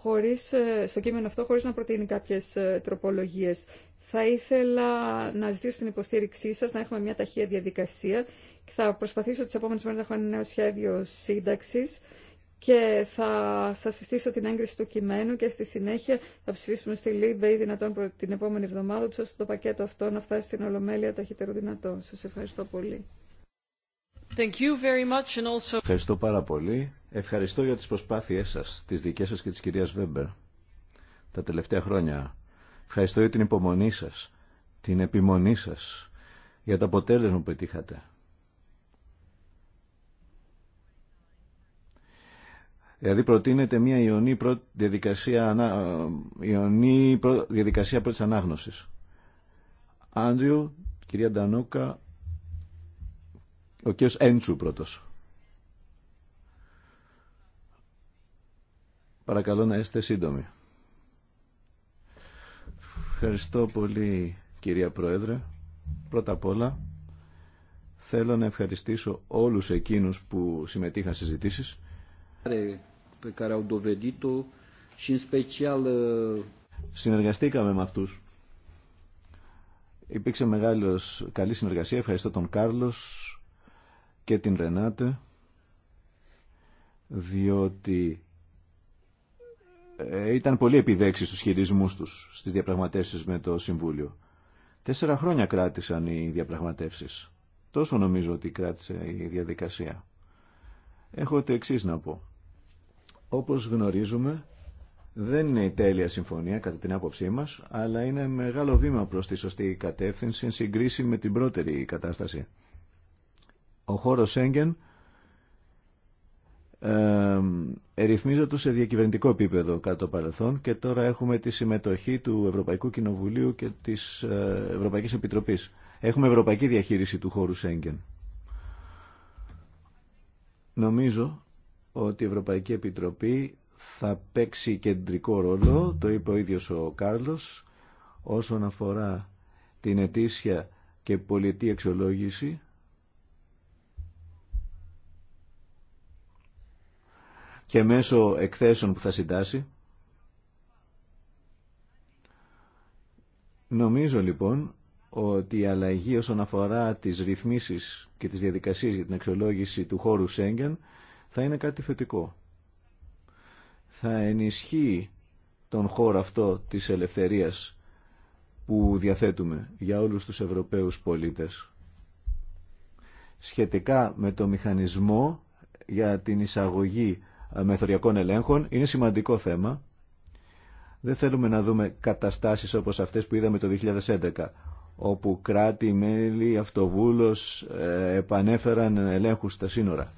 χωρίς, ε, στο κείμενο αυτό χωρί να προτείνει κάποιε τροπολογίε. Θα ήθελα να ζητήσω την υποστήριξή σας, να έχουμε μια ταχεία διαδικασία και θα προσπαθήσω τις επόμενες μέρες να έχω ένα νέο σχέδιο σύνταξης και θα σας συστήσω την έγκριση του κειμένου και στη συνέχεια θα ψηφίσουμε στη ΛΥΜΠΕ ή δυνατόν την επόμενη εβδομάδα ώστε το πακέτο αυτό να φτάσει στην Ολομέλεια ταχύτερο δυνατό. Σας ευχαριστώ πολύ. Thank you very much and also... Ευχαριστώ πάρα πολύ. Ευχαριστώ για τις προσπάθειές σας, τις δικές σας και της κυρίας Βέμπερ τα τελευταία χρόνια Ευχαριστώ για την υπομονή σας, την επιμονή σας, για το αποτέλεσμα που πετύχατε. Δηλαδή προτείνεται μια ιονή διαδικασία, πρώτη ιονή ανάγνωσης. Άντριου, κυρία Ντανούκα, ο κύριος Έντσου πρώτος. Παρακαλώ να είστε σύντομοι. Ευχαριστώ πολύ κυρία Πρόεδρε. Πρώτα απ' όλα θέλω να ευχαριστήσω όλους εκείνους που συμμετείχαν στις συζητήσεις. Συνεργαστήκαμε με αυτούς. Υπήρξε μεγάλος, καλή συνεργασία. Ευχαριστώ τον Κάρλος και την Ρενάτε διότι ε, ήταν πολύ επιδέξει στους χειρισμούς τους στις διαπραγματεύσεις με το Συμβούλιο. Τέσσερα χρόνια κράτησαν οι διαπραγματεύσεις. Τόσο νομίζω ότι κράτησε η διαδικασία. Έχω το εξή να πω. Όπως γνωρίζουμε, δεν είναι η τέλεια συμφωνία κατά την άποψή μας, αλλά είναι μεγάλο βήμα προς τη σωστή κατεύθυνση συγκρίση με την πρώτερη κατάσταση. Ο χώρος Σέγγεν ε, ρυθμίζονται σε διακυβερνητικό επίπεδο κατά το παρελθόν και τώρα έχουμε τη συμμετοχή του Ευρωπαϊκού Κοινοβουλίου και της ε, Ευρωπαϊκής Επιτροπής. Έχουμε ευρωπαϊκή διαχείριση του χώρου Σέγγεν. Νομίζω ότι η Ευρωπαϊκή Επιτροπή θα παίξει κεντρικό ρόλο, το είπε ο ίδιος ο Κάρλος, όσον αφορά την ετήσια και πολιτή αξιολόγηση και μέσω εκθέσεων που θα συντάσει. Νομίζω λοιπόν ότι η αλλαγή όσον αφορά τις ρυθμίσεις και τις διαδικασίες για την αξιολόγηση του χώρου Σέγγεν θα είναι κάτι θετικό. Θα ενισχύει τον χώρο αυτό της ελευθερίας που διαθέτουμε για όλους τους Ευρωπαίους πολίτες. Σχετικά με το μηχανισμό για την εισαγωγή ε, μεθοριακών ελέγχων είναι σημαντικό θέμα. Δεν θέλουμε να δούμε καταστάσεις όπως αυτές που είδαμε το 2011 όπου κράτη, μέλη, αυτοβούλος ε, επανέφεραν ελέγχους στα σύνορα.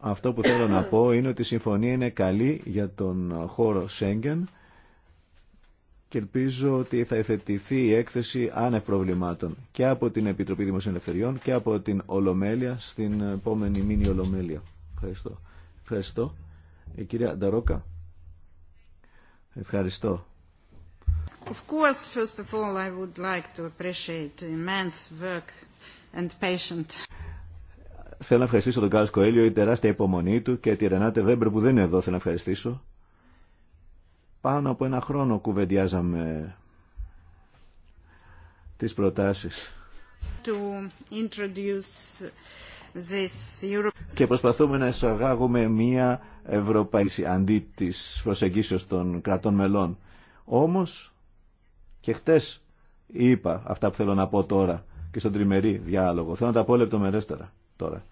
Αυτό που θέλω να πω είναι ότι η συμφωνία είναι καλή για τον χώρο Σέγγεν και ελπίζω ότι θα εθετηθεί η έκθεση άνευ προβλημάτων και από την Επιτροπή Δημοσίων Ελευθεριών και από την Ολομέλεια στην επόμενη μήνυ Ολομέλεια. Ευχαριστώ. Ευχαριστώ. Η κυρία Νταρόκα. Ευχαριστώ. Of course, first of all, I would like to appreciate immense work and patient. Θέλω να ευχαριστήσω τον Κάλλος Κοέλιο, η τεράστια υπομονή του και τη Ρενάτε Βέμπερ που δεν είναι εδώ, θέλω να ευχαριστήσω. Πάνω από ένα χρόνο κουβεντιάζαμε τις προτάσεις. To introduce και προσπαθούμε να εισαγάγουμε μία ευρωπαϊκή αντί της προσεγγίσεως των κρατών μελών. Όμως και χτες είπα αυτά που θέλω να πω τώρα και στον τριμερή διάλογο. Θέλω να τα πω λεπτομερέστερα τώρα.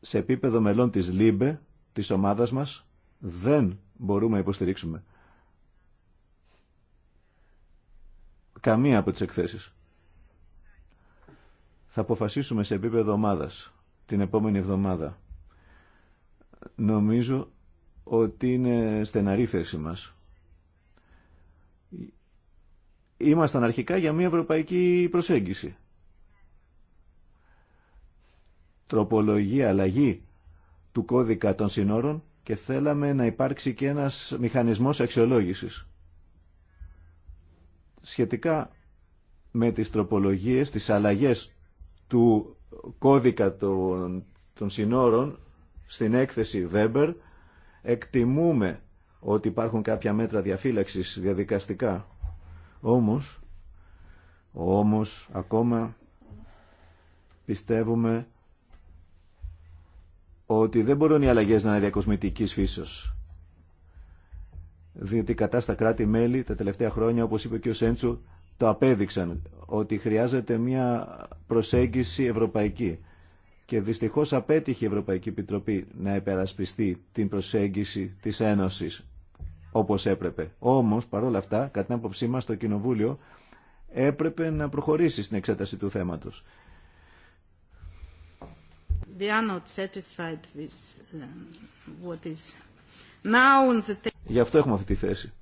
Σε επίπεδο μελών της ΛΥΜΠΕ, της ομάδας μας, δεν μπορούμε να υποστηρίξουμε καμία από τις εκθέσεις. Θα αποφασίσουμε σε επίπεδο ομάδας την επόμενη εβδομάδα. Νομίζω ότι είναι στεναρή θέση μας. Ήμασταν αρχικά για μια ευρωπαϊκή προσέγγιση. Τροπολογία, αλλαγή του κώδικα των συνόρων και θέλαμε να υπάρξει και ένας μηχανισμός αξιολόγησης. Σχετικά με τις τροπολογίες, τις αλλαγές του κώδικα των, των συνόρων στην έκθεση Weber εκτιμούμε ότι υπάρχουν κάποια μέτρα διαφύλαξης διαδικαστικά. Όμως, όμως ακόμα πιστεύουμε ότι δεν μπορούν οι αλλαγές να είναι διακοσμητικής φύσεως. Διότι κατά στα κράτη-μέλη τα τελευταία χρόνια, όπως είπε και ο Σέντσου, το απέδειξαν ότι χρειάζεται μια προσέγγιση ευρωπαϊκή. Και δυστυχώς απέτυχε η Ευρωπαϊκή Επιτροπή να επερασπιστεί την προσέγγιση της Ένωσης όπως έπρεπε. Όμως, παρόλα αυτά, κατά την άποψή μας, το Κοινοβούλιο έπρεπε να προχωρήσει στην εξέταση του θέματος. Uh, Γι' αυτό έχουμε αυτή τη θέση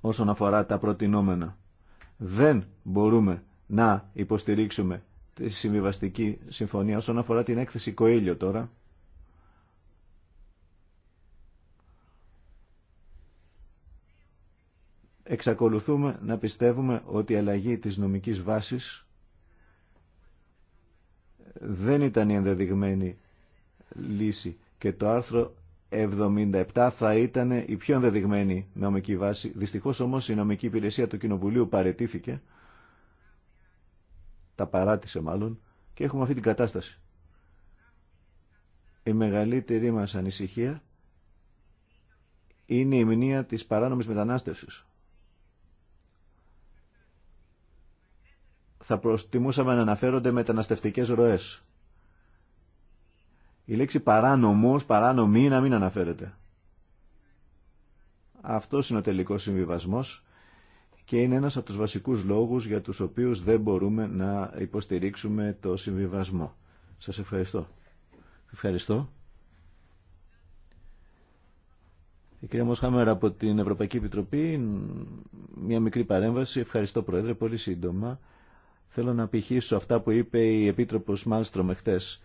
όσον αφορά τα προτινόμενα δεν μπορούμε να υποστηρίξουμε τη συμβιβαστική συμφωνία όσον αφορά την έκθεση Κοήλιο τώρα. Εξακολουθούμε να πιστεύουμε ότι η αλλαγή της νομικής βάσης δεν ήταν η ενδεδειγμένη λύση και το άρθρο 77 θα ήταν η πιο ενδεδειγμένη νομική βάση. Δυστυχώ όμως η νομική υπηρεσία του Κοινοβουλίου παρετήθηκε, τα παράτησε μάλλον, και έχουμε αυτή την κατάσταση. Η μεγαλύτερη μας ανησυχία είναι η μνήμα της παράνομης μετανάστευσης. Θα προστιμούσαμε να αναφέρονται μεταναστευτικές ροές η λέξη παράνομος, παράνομη να μην αναφέρεται. Αυτός είναι ο τελικός συμβιβασμός και είναι ένας από τους βασικούς λόγους για τους οποίους δεν μπορούμε να υποστηρίξουμε το συμβιβασμό. Σας ευχαριστώ. Ευχαριστώ. Η κυρία Μοσχάμερα από την Ευρωπαϊκή Επιτροπή, μια μικρή παρέμβαση. Ευχαριστώ Πρόεδρε, πολύ σύντομα. Θέλω να πηχήσω αυτά που είπε η Επίτροπος Μάλστρομ εχθές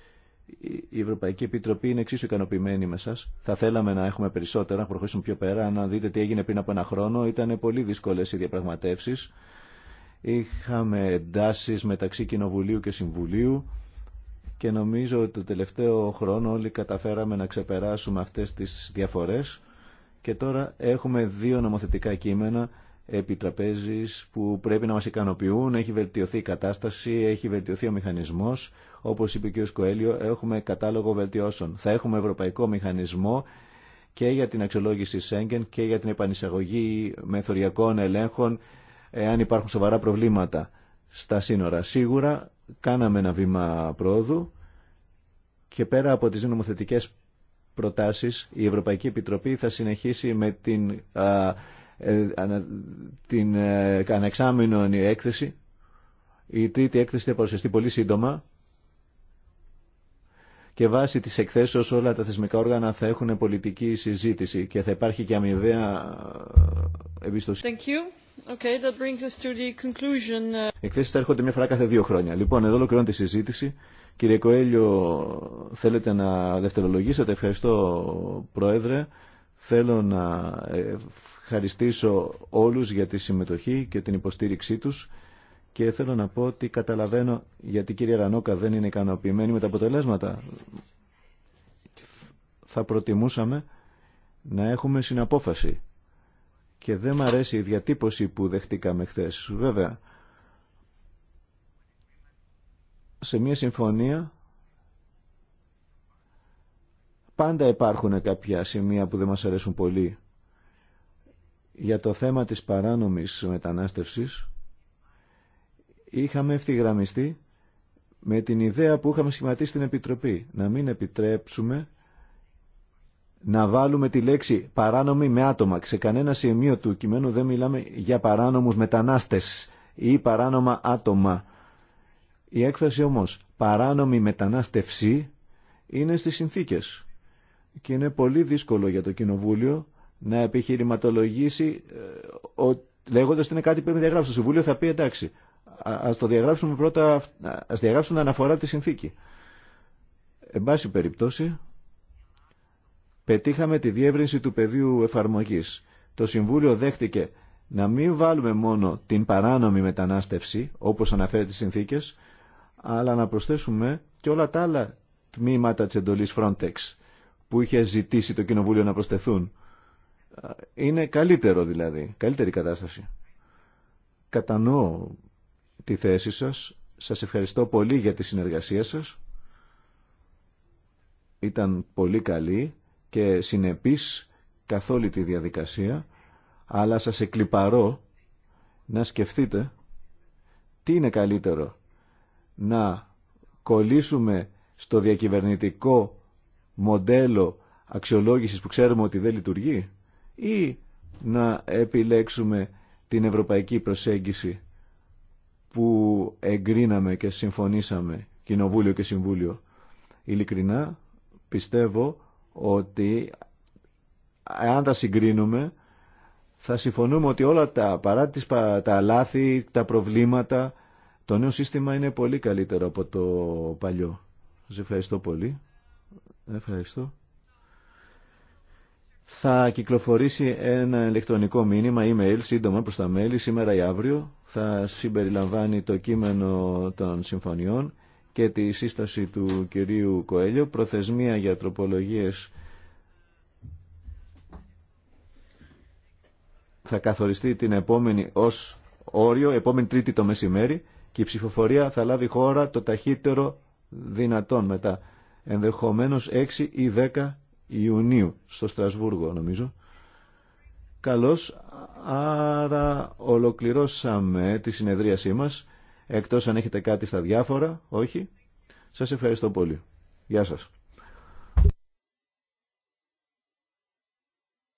η Ευρωπαϊκή Επιτροπή είναι εξίσου ικανοποιημένη με σας. Θα θέλαμε να έχουμε περισσότερα, να προχωρήσουμε πιο πέρα, να δείτε τι έγινε πριν από ένα χρόνο. Ήταν πολύ δύσκολες οι διαπραγματεύσεις. Είχαμε εντάσεις μεταξύ Κοινοβουλίου και Συμβουλίου και νομίζω ότι το τελευταίο χρόνο όλοι καταφέραμε να ξεπεράσουμε αυτές τις διαφορές και τώρα έχουμε δύο νομοθετικά κείμενα επί που πρέπει να μας ικανοποιούν. Έχει βελτιωθεί η κατάσταση, έχει βελτιωθεί ο μηχανισμός. Όπως είπε ο κ. Κοέλιο, έχουμε κατάλογο βελτιώσεων. Θα έχουμε ευρωπαϊκό μηχανισμό και για την αξιολόγηση Σέγγεν και για την επανεισαγωγή μεθοριακών ελέγχων εάν υπάρχουν σοβαρά προβλήματα στα σύνορα. Σίγουρα κάναμε ένα βήμα πρόοδου και πέρα από τις νομοθετικές προτάσεις η Ευρωπαϊκή Επιτροπή θα συνεχίσει με την, α, ε, την ε, έκθεση. Η τρίτη έκθεση θα παρουσιαστεί πολύ σύντομα και βάσει της εκθέσεως όλα τα θεσμικά όργανα θα έχουν πολιτική συζήτηση και θα υπάρχει και αμοιβαία ε, εμπιστοσύνη. Thank uh, Εκθέσεις θα έρχονται μια φορά κάθε δύο χρόνια. Λοιπόν, εδώ ολοκληρώνω τη συζήτηση. Κύριε Κοέλιο, θέλετε να δευτερολογήσετε. Ευχαριστώ, Πρόεδρε. Θέλω να ευχαριστήσω όλους για τη συμμετοχή και την υποστήριξή τους και θέλω να πω ότι καταλαβαίνω γιατί κυρία Ρανόκα δεν είναι ικανοποιημένη με τα αποτελέσματα. Θα προτιμούσαμε να έχουμε συναπόφαση. Και δεν μου αρέσει η διατύπωση που δεχτήκαμε χθε. Βέβαια, σε μια συμφωνία πάντα υπάρχουν κάποια σημεία που δεν μας αρέσουν πολύ. Για το θέμα της παράνομης μετανάστευσης, είχαμε ευθυγραμμιστεί με την ιδέα που είχαμε σχηματίσει στην Επιτροπή. Να μην επιτρέψουμε να βάλουμε τη λέξη παράνομη με άτομα. Σε κανένα σημείο του κειμένου δεν μιλάμε για παράνομους μετανάστες ή παράνομα άτομα. Η έκφραση όμως παράνομη μετανάστευση είναι στις συνθήκες και είναι πολύ δύσκολο για το Κοινοβούλιο να επιχειρηματολογήσει ε, ο, λέγοντας ότι είναι κάτι που πρέπει να διαγράψει. Το Συμβούλιο θα πει εντάξει, ας το διαγράψουμε πρώτα, ας διαγράψουμε αναφορά τη συνθήκη. Εν πάση περιπτώσει, πετύχαμε τη διεύρυνση του πεδίου εφαρμογής. Το Συμβούλιο δέχτηκε να μην βάλουμε μόνο την παράνομη μετανάστευση, όπως αναφέρει στις συνθήκες, αλλά να προσθέσουμε και όλα τα άλλα τμήματα της εντολής Frontex που είχε ζητήσει το Κοινοβούλιο να προσθεθούν. Είναι καλύτερο δηλαδή, καλύτερη κατάσταση. Κατανοώ τη θέση σας. Σας ευχαριστώ πολύ για τη συνεργασία σας. Ήταν πολύ καλή και συνεπής καθ' όλη τη διαδικασία, αλλά σας εκλυπαρώ να σκεφτείτε τι είναι καλύτερο να κολλήσουμε στο διακυβερνητικό μοντέλο αξιολόγησης που ξέρουμε ότι δεν λειτουργεί ή να επιλέξουμε την ευρωπαϊκή προσέγγιση που εγκρίναμε και συμφωνήσαμε Κοινοβούλιο και Συμβούλιο. Ειλικρινά πιστεύω ότι αν τα συγκρίνουμε θα συμφωνούμε ότι όλα τα παρά τις, τα λάθη, τα προβλήματα το νέο σύστημα είναι πολύ καλύτερο από το παλιό. Σας ευχαριστώ πολύ. Ευχαριστώ θα κυκλοφορήσει ένα ηλεκτρονικό μήνυμα, email, σύντομα προς τα μέλη, σήμερα ή αύριο. Θα συμπεριλαμβάνει το κείμενο των συμφωνιών και τη σύσταση του κυρίου Κοέλιο, προθεσμία για τροπολογίες θα καθοριστεί την επόμενη ως όριο, επόμενη τρίτη το μεσημέρι και η ψηφοφορία θα λάβει χώρα το ταχύτερο δυνατόν μετά, ενδεχομένως 6 ή Ιουνίου στο Στρασβούργο νομίζω. Καλώς, άρα ολοκληρώσαμε τη συνεδρίασή μας, εκτός αν έχετε κάτι στα διάφορα, όχι. Σας ευχαριστώ πολύ. Γεια σας.